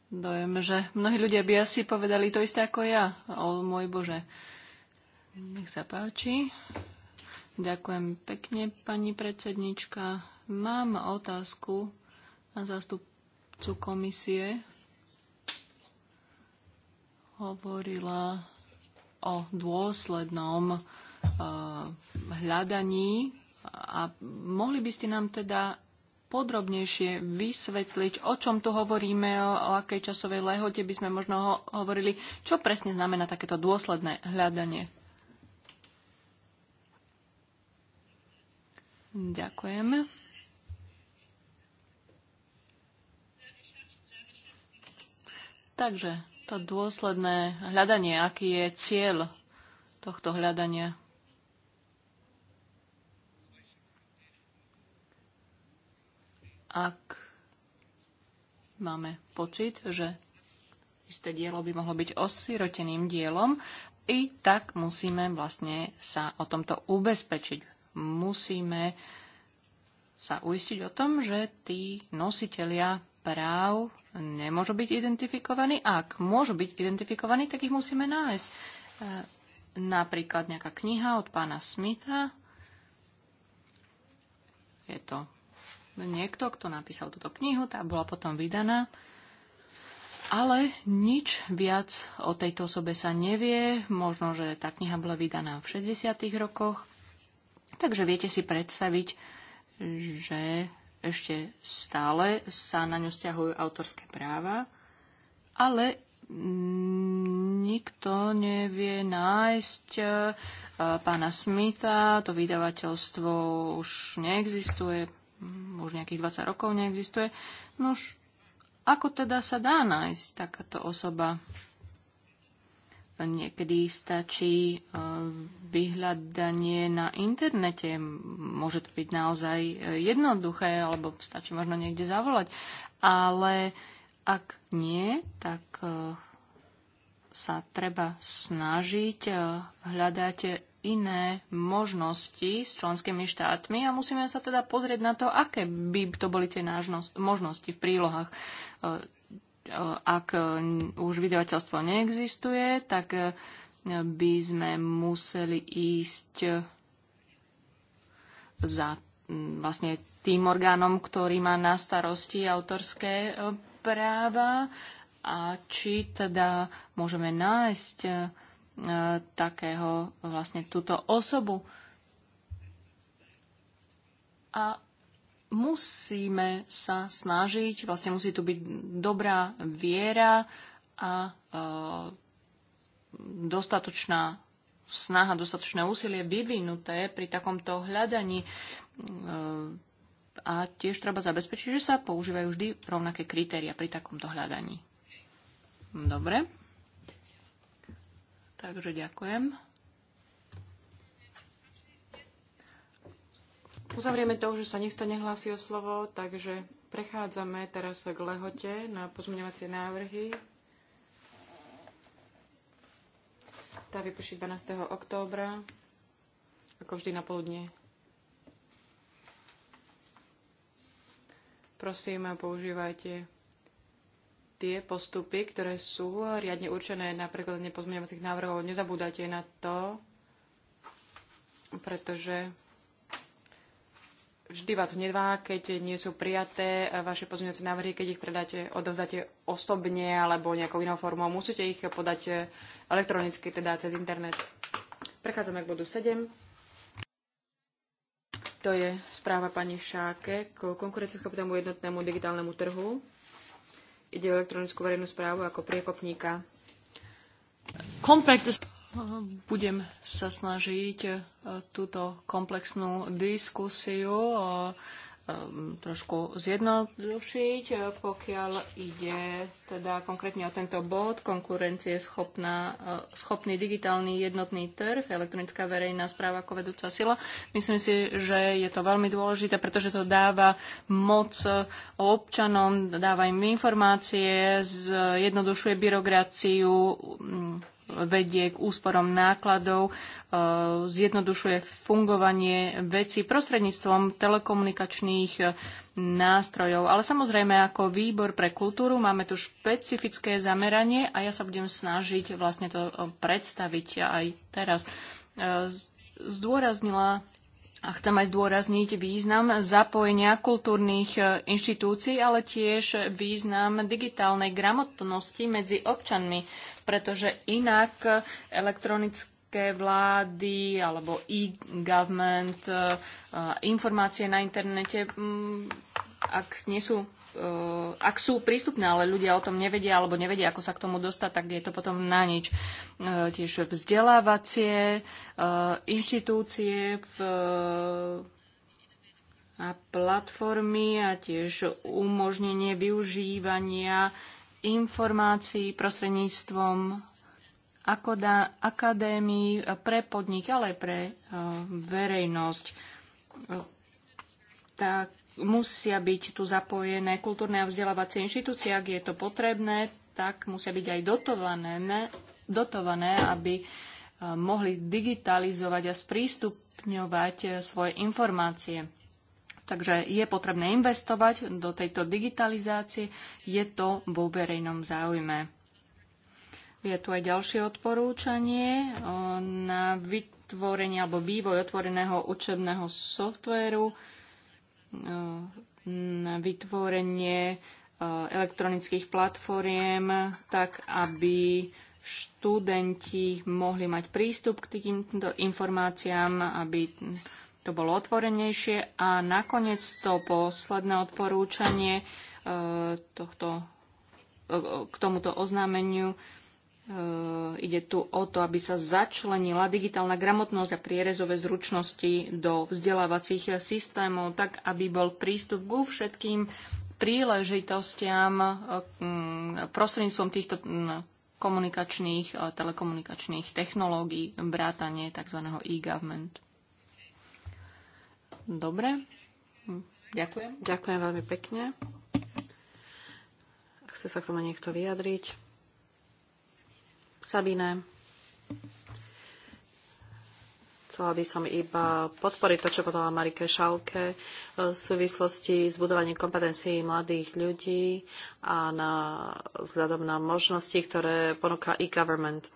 dojem, že mnohí ľudia by asi povedali to isté ako ja. O môj Bože. Nech sa páči. Ďakujem pekne, pani predsednička. Mám otázku na zástupcu komisie. Hovorila o dôslednom uh, hľadaní a mohli by ste nám teda podrobnejšie vysvetliť, o čom tu hovoríme, o akej časovej lehote by sme možno ho- hovorili, čo presne znamená takéto dôsledné hľadanie. Ďakujem. Takže to dôsledné hľadanie, aký je cieľ tohto hľadania? ak máme pocit, že isté dielo by mohlo byť osiroteným dielom, i tak musíme vlastne sa o tomto ubezpečiť. Musíme sa uistiť o tom, že tí nositelia práv nemôžu byť identifikovaní. Ak môžu byť identifikovaní, tak ich musíme nájsť. E, napríklad nejaká kniha od pána Smitha. Je to No, niekto, kto napísal túto knihu, tá bola potom vydaná. Ale nič viac o tejto osobe sa nevie. Možno, že tá kniha bola vydaná v 60. rokoch. Takže viete si predstaviť, že ešte stále sa na ňu stiahujú autorské práva, ale nikto nevie nájsť e, pána Smitha, to vydavateľstvo už neexistuje, už nejakých 20 rokov neexistuje. No už ako teda sa dá nájsť takáto osoba? Niekedy stačí e, vyhľadanie na internete. Môže to byť naozaj e, jednoduché, alebo stačí možno niekde zavolať. Ale ak nie, tak e, sa treba snažiť hľadať iné možnosti s členskými štátmi a musíme sa teda pozrieť na to, aké by to boli tie možnosti v prílohách. E, e, ak už vydavateľstvo neexistuje, tak e, by sme museli ísť za vlastne tým orgánom, ktorý má na starosti autorské práva a či teda môžeme nájsť E, takého vlastne túto osobu. A musíme sa snažiť, vlastne musí tu byť dobrá viera a e, dostatočná snaha, dostatočné úsilie vyvinuté pri takomto hľadaní. E, a tiež treba zabezpečiť, že sa používajú vždy rovnaké kritéria pri takomto hľadaní. Dobre. Takže ďakujem. Uzavrieme to, že sa nikto nehlási o slovo, takže prechádzame teraz k lehote na pozmeňovacie návrhy. Tá vyprší 12. októbra, ako vždy na poludne. Prosím, používajte tie postupy, ktoré sú riadne určené na prekladanie pozmeňovacích návrhov. Nezabúdajte na to, pretože vždy vás hnedvá, keď nie sú prijaté vaše pozmeňovacie návrhy, keď ich predáte, odovzdáte osobne alebo nejakou inou formou. Musíte ich podať elektronicky, teda cez internet. Prechádzame k bodu 7. To je správa pani Šáke k konkurencieschopnému jednotnému digitálnemu trhu. Ide o elektronickú verejnú správu ako priekopníka. Kompakt budem sa snažiť eh, túto komplexnú diskusiu eh, Um, trošku zjednodušiť, e, pokiaľ ide teda konkrétne o tento bod konkurencie schopná, e, schopný digitálny jednotný trh, elektronická verejná správa ako vedúca sila. Myslím si, že je to veľmi dôležité, pretože to dáva moc občanom, dáva im informácie, zjednodušuje byrokraciu, vedie k úsporom nákladov, e, zjednodušuje fungovanie veci prostredníctvom telekomunikačných e, nástrojov. Ale samozrejme, ako výbor pre kultúru máme tu špecifické zameranie a ja sa budem snažiť vlastne to e, predstaviť aj teraz. Zdôraznila a chcem aj zdôrazniť význam zapojenia kultúrnych inštitúcií, ale tiež význam digitálnej gramotnosti medzi občanmi pretože inak elektronické vlády alebo e-government, e, informácie na internete, mm, ak nie sú e, ak sú prístupné, ale ľudia o tom nevedia alebo nevedia, ako sa k tomu dostať, tak je to potom na nič. E, tiež vzdelávacie inštitúcie a platformy a tiež umožnenie využívania informácií prostredníctvom akadémií pre podnik, ale aj pre eh, verejnosť. Eh, tak musia byť tu zapojené kultúrne a vzdelávacie inštitúcie, ak je to potrebné, tak musia byť aj dotované, ne, dotované aby eh, mohli digitalizovať a sprístupňovať svoje informácie. Takže je potrebné investovať do tejto digitalizácie, je to vo verejnom záujme. Je tu aj ďalšie odporúčanie eh, na vytvorenie alebo vývoj otvoreného učebného softvéru, eh, na vytvorenie eh, elektronických platformiem, tak aby študenti mohli mať prístup k týmto informáciám, aby to bolo otvorenejšie a nakoniec to posledné odporúčanie e, tohto, e, k tomuto oznámeniu e, ide tu o to, aby sa začlenila digitálna gramotnosť a prierezové zručnosti do vzdelávacích systémov, tak aby bol prístup ku všetkým príležitostiam prostredníctvom týchto komunikačných, telekomunikačných technológií, brátanie tzv. e-government. Dobre. Hm, ďakujem. Ďakujem veľmi pekne. Chce sa k tomu niekto vyjadriť? Sabine. Chcela by som iba podporiť to, čo povedala Marike Šalke e, v súvislosti s budovaním kompetencií mladých ľudí a na, vzhľadom na možnosti, ktoré ponúka e-government.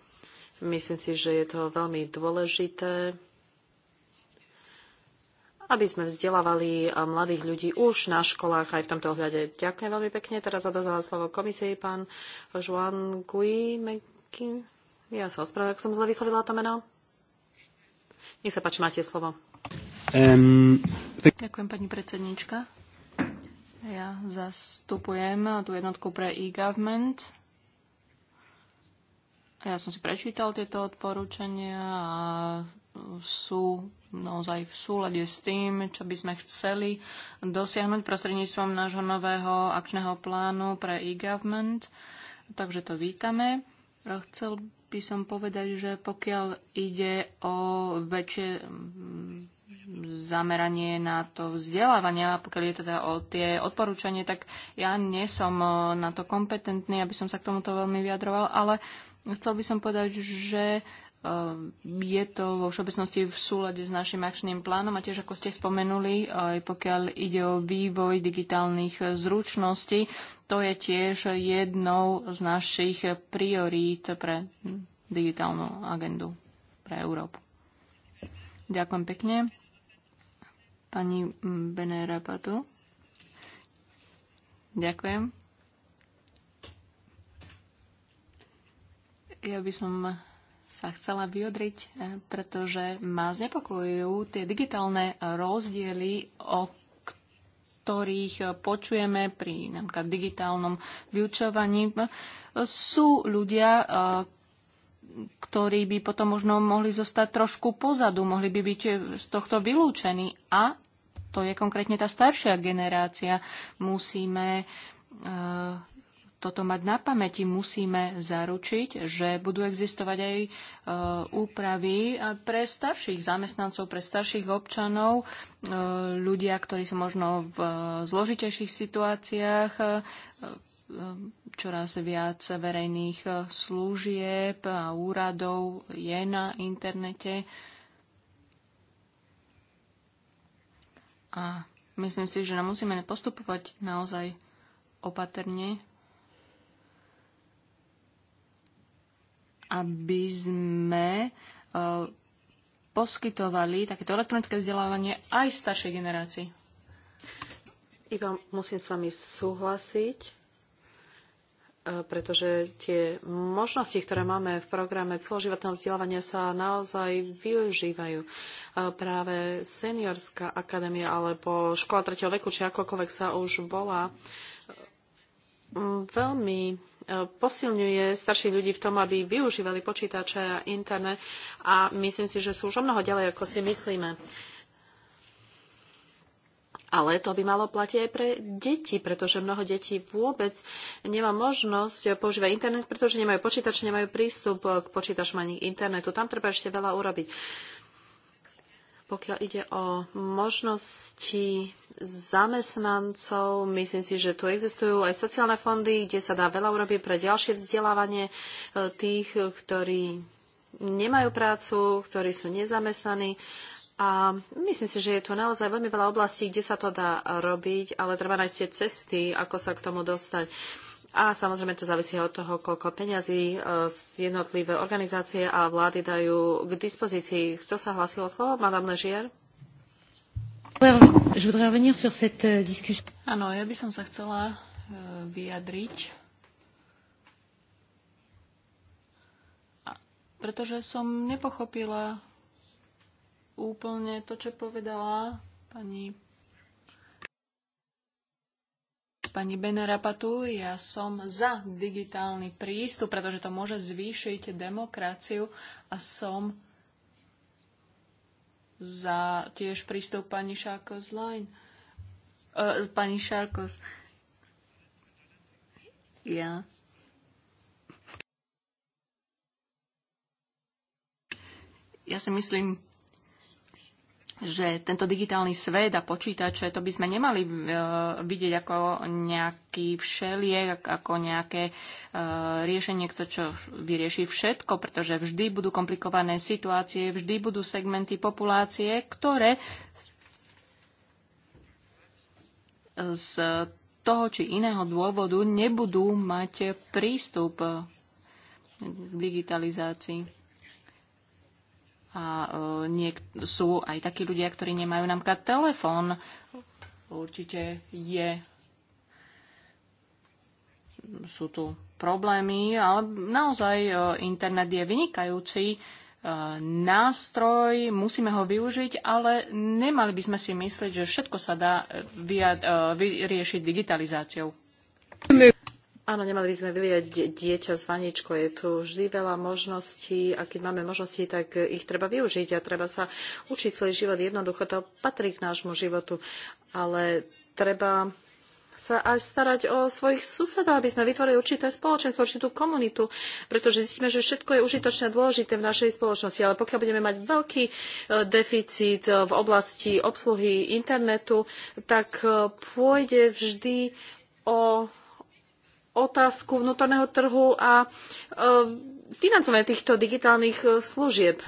Myslím si, že je to veľmi dôležité aby sme vzdelávali eh, mladých ľudí už na školách aj v tomto ohľade. Ďakujem veľmi pekne. Teraz odozávam slovo komisii pán Joan Gui Mekin. Ja sa ospravedlňujem, ak som zle vyslovila to meno. Nech sa páči, máte slovo. Um, Ďakujem, pani predsednička. Ja zastupujem tú jednotku pre e-government. Ja som si prečítal tieto odporúčania a sú naozaj v súlade s tým, čo by sme chceli dosiahnuť prostredníctvom nášho nového akčného plánu pre e-government. Takže to vítame. Chcel by som povedať, že pokiaľ ide o väčšie mm, zameranie na to vzdelávanie, a pokiaľ je teda o tie odporúčanie, tak ja nie som e, na to kompetentný, aby som sa k tomuto veľmi vyjadroval, ale chcel by som povedať, že Ehm, je to vo všeobecnosti v súlade s našim akčným plánom a tiež, ako ste spomenuli, aj pokiaľ ide o vývoj digitálnych zručností, to je tiež jednou z našich priorít pre digitálnu agendu pre Európu. Ďakujem pekne. Pani Benera Patu. Ďakujem. Ja by som sa chcela vyjadriť, eh, pretože ma znepokojujú tie digitálne rozdiely, o ktorých eh, počujeme pri napríklad digitálnom vyučovaní. Sú ľudia, eh, ktorí by potom možno mohli zostať trošku pozadu, mohli by byť z tohto vylúčení. A to je konkrétne tá staršia generácia. Musíme toto mať na pamäti, musíme zaručiť, že budú existovať aj e, úpravy e, pre starších zamestnancov, pre starších občanov, e, ľudia, ktorí sú možno v e, zložitejších situáciách, e, e, čoraz viac verejných služieb a úradov je na internete. A myslím si, že musíme postupovať naozaj opatrne aby sme e, poskytovali takéto elektronické vzdelávanie aj staršej generácii. Iba musím s vami súhlasiť, e, pretože tie možnosti, ktoré máme v programe celoživotného vzdelávania sa naozaj využívajú. E, práve seniorská akadémia alebo škola tretieho veku, či akokoľvek sa už volá, veľmi e, posilňuje starších ľudí v tom, aby využívali počítače a internet a myslím si, že sú už o mnoho ďalej, ako si myslíme. Ale to by malo platiť aj pre deti, pretože mnoho detí vôbec nemá možnosť používať internet, pretože nemajú počítač, nemajú prístup k počítačom ani k internetu. Tam treba ešte veľa urobiť. Pokiaľ ide o možnosti zamestnancov. Myslím si, že tu existujú aj sociálne fondy, kde sa dá veľa urobiť pre ďalšie vzdelávanie e, tých, ktorí nemajú prácu, ktorí sú nezamestnaní. A myslím si, že je tu naozaj veľmi veľa oblastí, kde sa to dá robiť, ale treba nájsť tie cesty, ako sa k tomu dostať. A samozrejme to závisí od toho, koľko peňazí e, jednotlivé organizácie a vlády dajú k dispozícii. Kto sa hlasil o slovo? Madame Ležier? Euh, Áno, ja by som sa chcela e, vyjadriť, pretože som nepochopila úplne to, čo povedala pani pani Benerapatu, ja som za digitálny prístup, pretože to môže zvýšiť demokraciu a som za tiež prístup pani Šarkos Line. Uh, pani Šarkos. Ja. Ja si myslím, že tento digitálny svet a počítače, to by sme nemali e, vidieť ako nejaký všeliek, ako nejaké e, riešenie, kto čo vyrieši všetko, pretože vždy budú komplikované situácie, vždy budú segmenty populácie, ktoré z toho či iného dôvodu nebudú mať prístup k digitalizácii. A e, niek- sú aj takí ľudia, ktorí nemajú napríklad telefón. Určite je. Sú tu problémy, ale naozaj e, internet je vynikajúci e, nástroj, musíme ho využiť, ale nemali by sme si myslieť, že všetko sa dá vyriešiť digitalizáciou. Áno, nemali by sme vylieť dieťa z vaničko. Je tu vždy veľa možností a keď máme možnosti, tak ich treba využiť a treba sa učiť celý život. Jednoducho to patrí k nášmu životu, ale treba sa aj starať o svojich susedov, aby sme vytvorili určité spoločenstvo, určitú komunitu, pretože zistíme, že všetko je užitočné a dôležité v našej spoločnosti. Ale pokiaľ budeme mať veľký e, deficit e, v oblasti obsluhy internetu, tak e, pôjde vždy o otázku vnútorného trhu a e, financovanie týchto digitálnych e, služieb.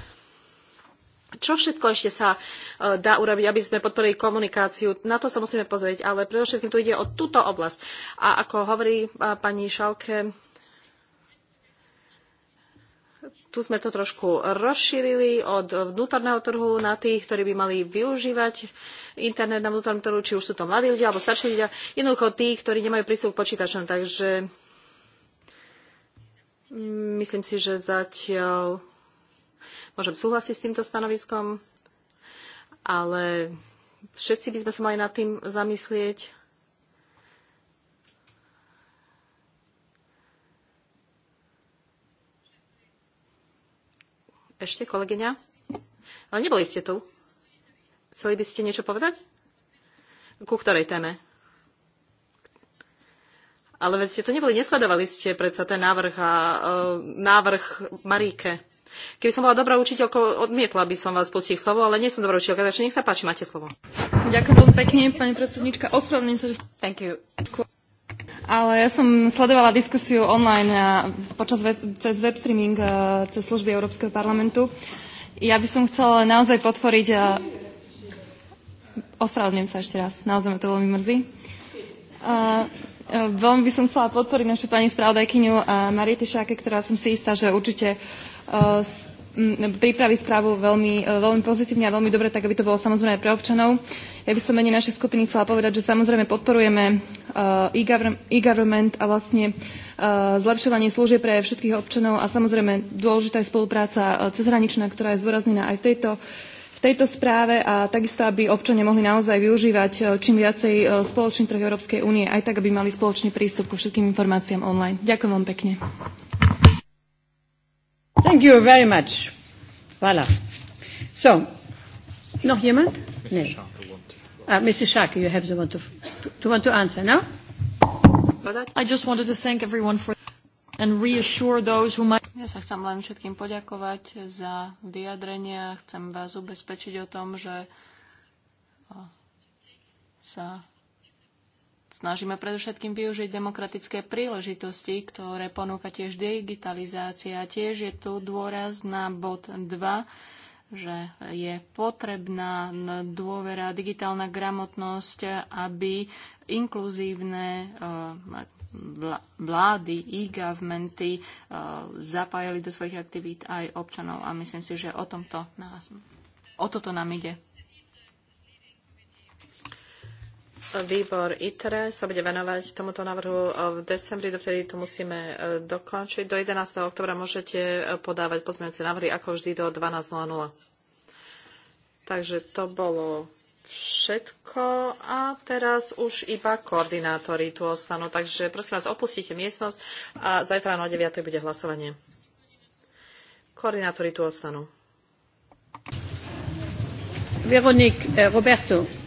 Čo všetko ešte sa e, dá urobiť, aby sme podporili komunikáciu? Na to sa musíme pozrieť, ale predovšetkým tu ide o túto oblasť. A ako hovorí pani Šalke, tu sme to trošku rozšírili od vnútorného trhu na tých, ktorí by mali využívať internet na vnútornom trhu, či už sú to mladí ľudia alebo starší ľudia, jednoducho tí, ktorí nemajú prístup k počítačom. Takže myslím si, že zatiaľ môžem súhlasiť s týmto stanoviskom, ale všetci by sme sa mali nad tým zamyslieť Ešte, kolegyňa? Ale neboli ste tu. Chceli by ste niečo povedať? Ku ktorej téme? Ale veď ste to neboli, nesledovali ste predsa ten návrh a uh, návrh Maríke. Keby som bola dobrá učiteľka, odmietla by som vás pustiť slovo, ale nie som dobrá učiteľka, takže nech sa páči, máte slovo. Ďakujem veľmi pekne, pani predsednička. Ospravedlňujem sa, že... Thank you. Ale ja som sledovala diskusiu online počas web, cez web streaming e, cez služby Európskeho parlamentu. Ja by som chcela naozaj podporiť... E, ospravedlňujem sa ešte raz, naozaj ma to veľmi mrzí. A... E, veľmi by som chcela podporiť našu pani spravodajkyňu Mariety Šáke, ktorá som si istá, že určite pripraví správu veľmi, e, veľmi pozitívne a veľmi dobre, tak aby to bolo samozrejme aj pre občanov. Ja by som menej našej skupiny chcela povedať, že samozrejme podporujeme e, e-government a vlastne e, zlepšovanie služieb pre všetkých občanov a samozrejme dôležitá je spolupráca cezhraničná, ktorá je zdôraznená aj v tejto v tejto správe a takisto, aby občania mohli naozaj využívať čím viacej spoločný trh Európskej únie, aj tak, aby mali spoločný prístup ku všetkým informáciám online. Ďakujem vám pekne. Thank you very much. Voilà. So, noch jemand? Mrs. Nee. Sharker, uh, ah, Mrs. Sharkey, you have the one to, to, to want to answer now. I just wanted to thank everyone for and reassure those who might... Ja sa chcem len všetkým poďakovať za vyjadrenia. Chcem vás ubezpečiť o tom, že sa snažíme predovšetkým využiť demokratické príležitosti, ktoré ponúka tiež digitalizácia. Tiež je tu dôraz na bod 2, že je potrebná dôvera, digitálna gramotnosť, aby inkluzívne eh, vlády, e-governmenty eh, zapájali do svojich aktivít aj občanov. A myslím si, že o, tomto nás, o toto nám ide. Výbor ITRE sa bude venovať tomuto návrhu e, v decembri, dovtedy to musíme e, dokončiť. Do 11. oktobra môžete e, podávať pozmeňujúce návrhy, ako vždy, do 12.00. Takže to bolo všetko a teraz už iba koordinátori tu ostanú. Takže prosím vás, opustite miestnosť a zajtra na 9. bude hlasovanie. Koordinátori tu ostanú. Veronique, eh, Roberto.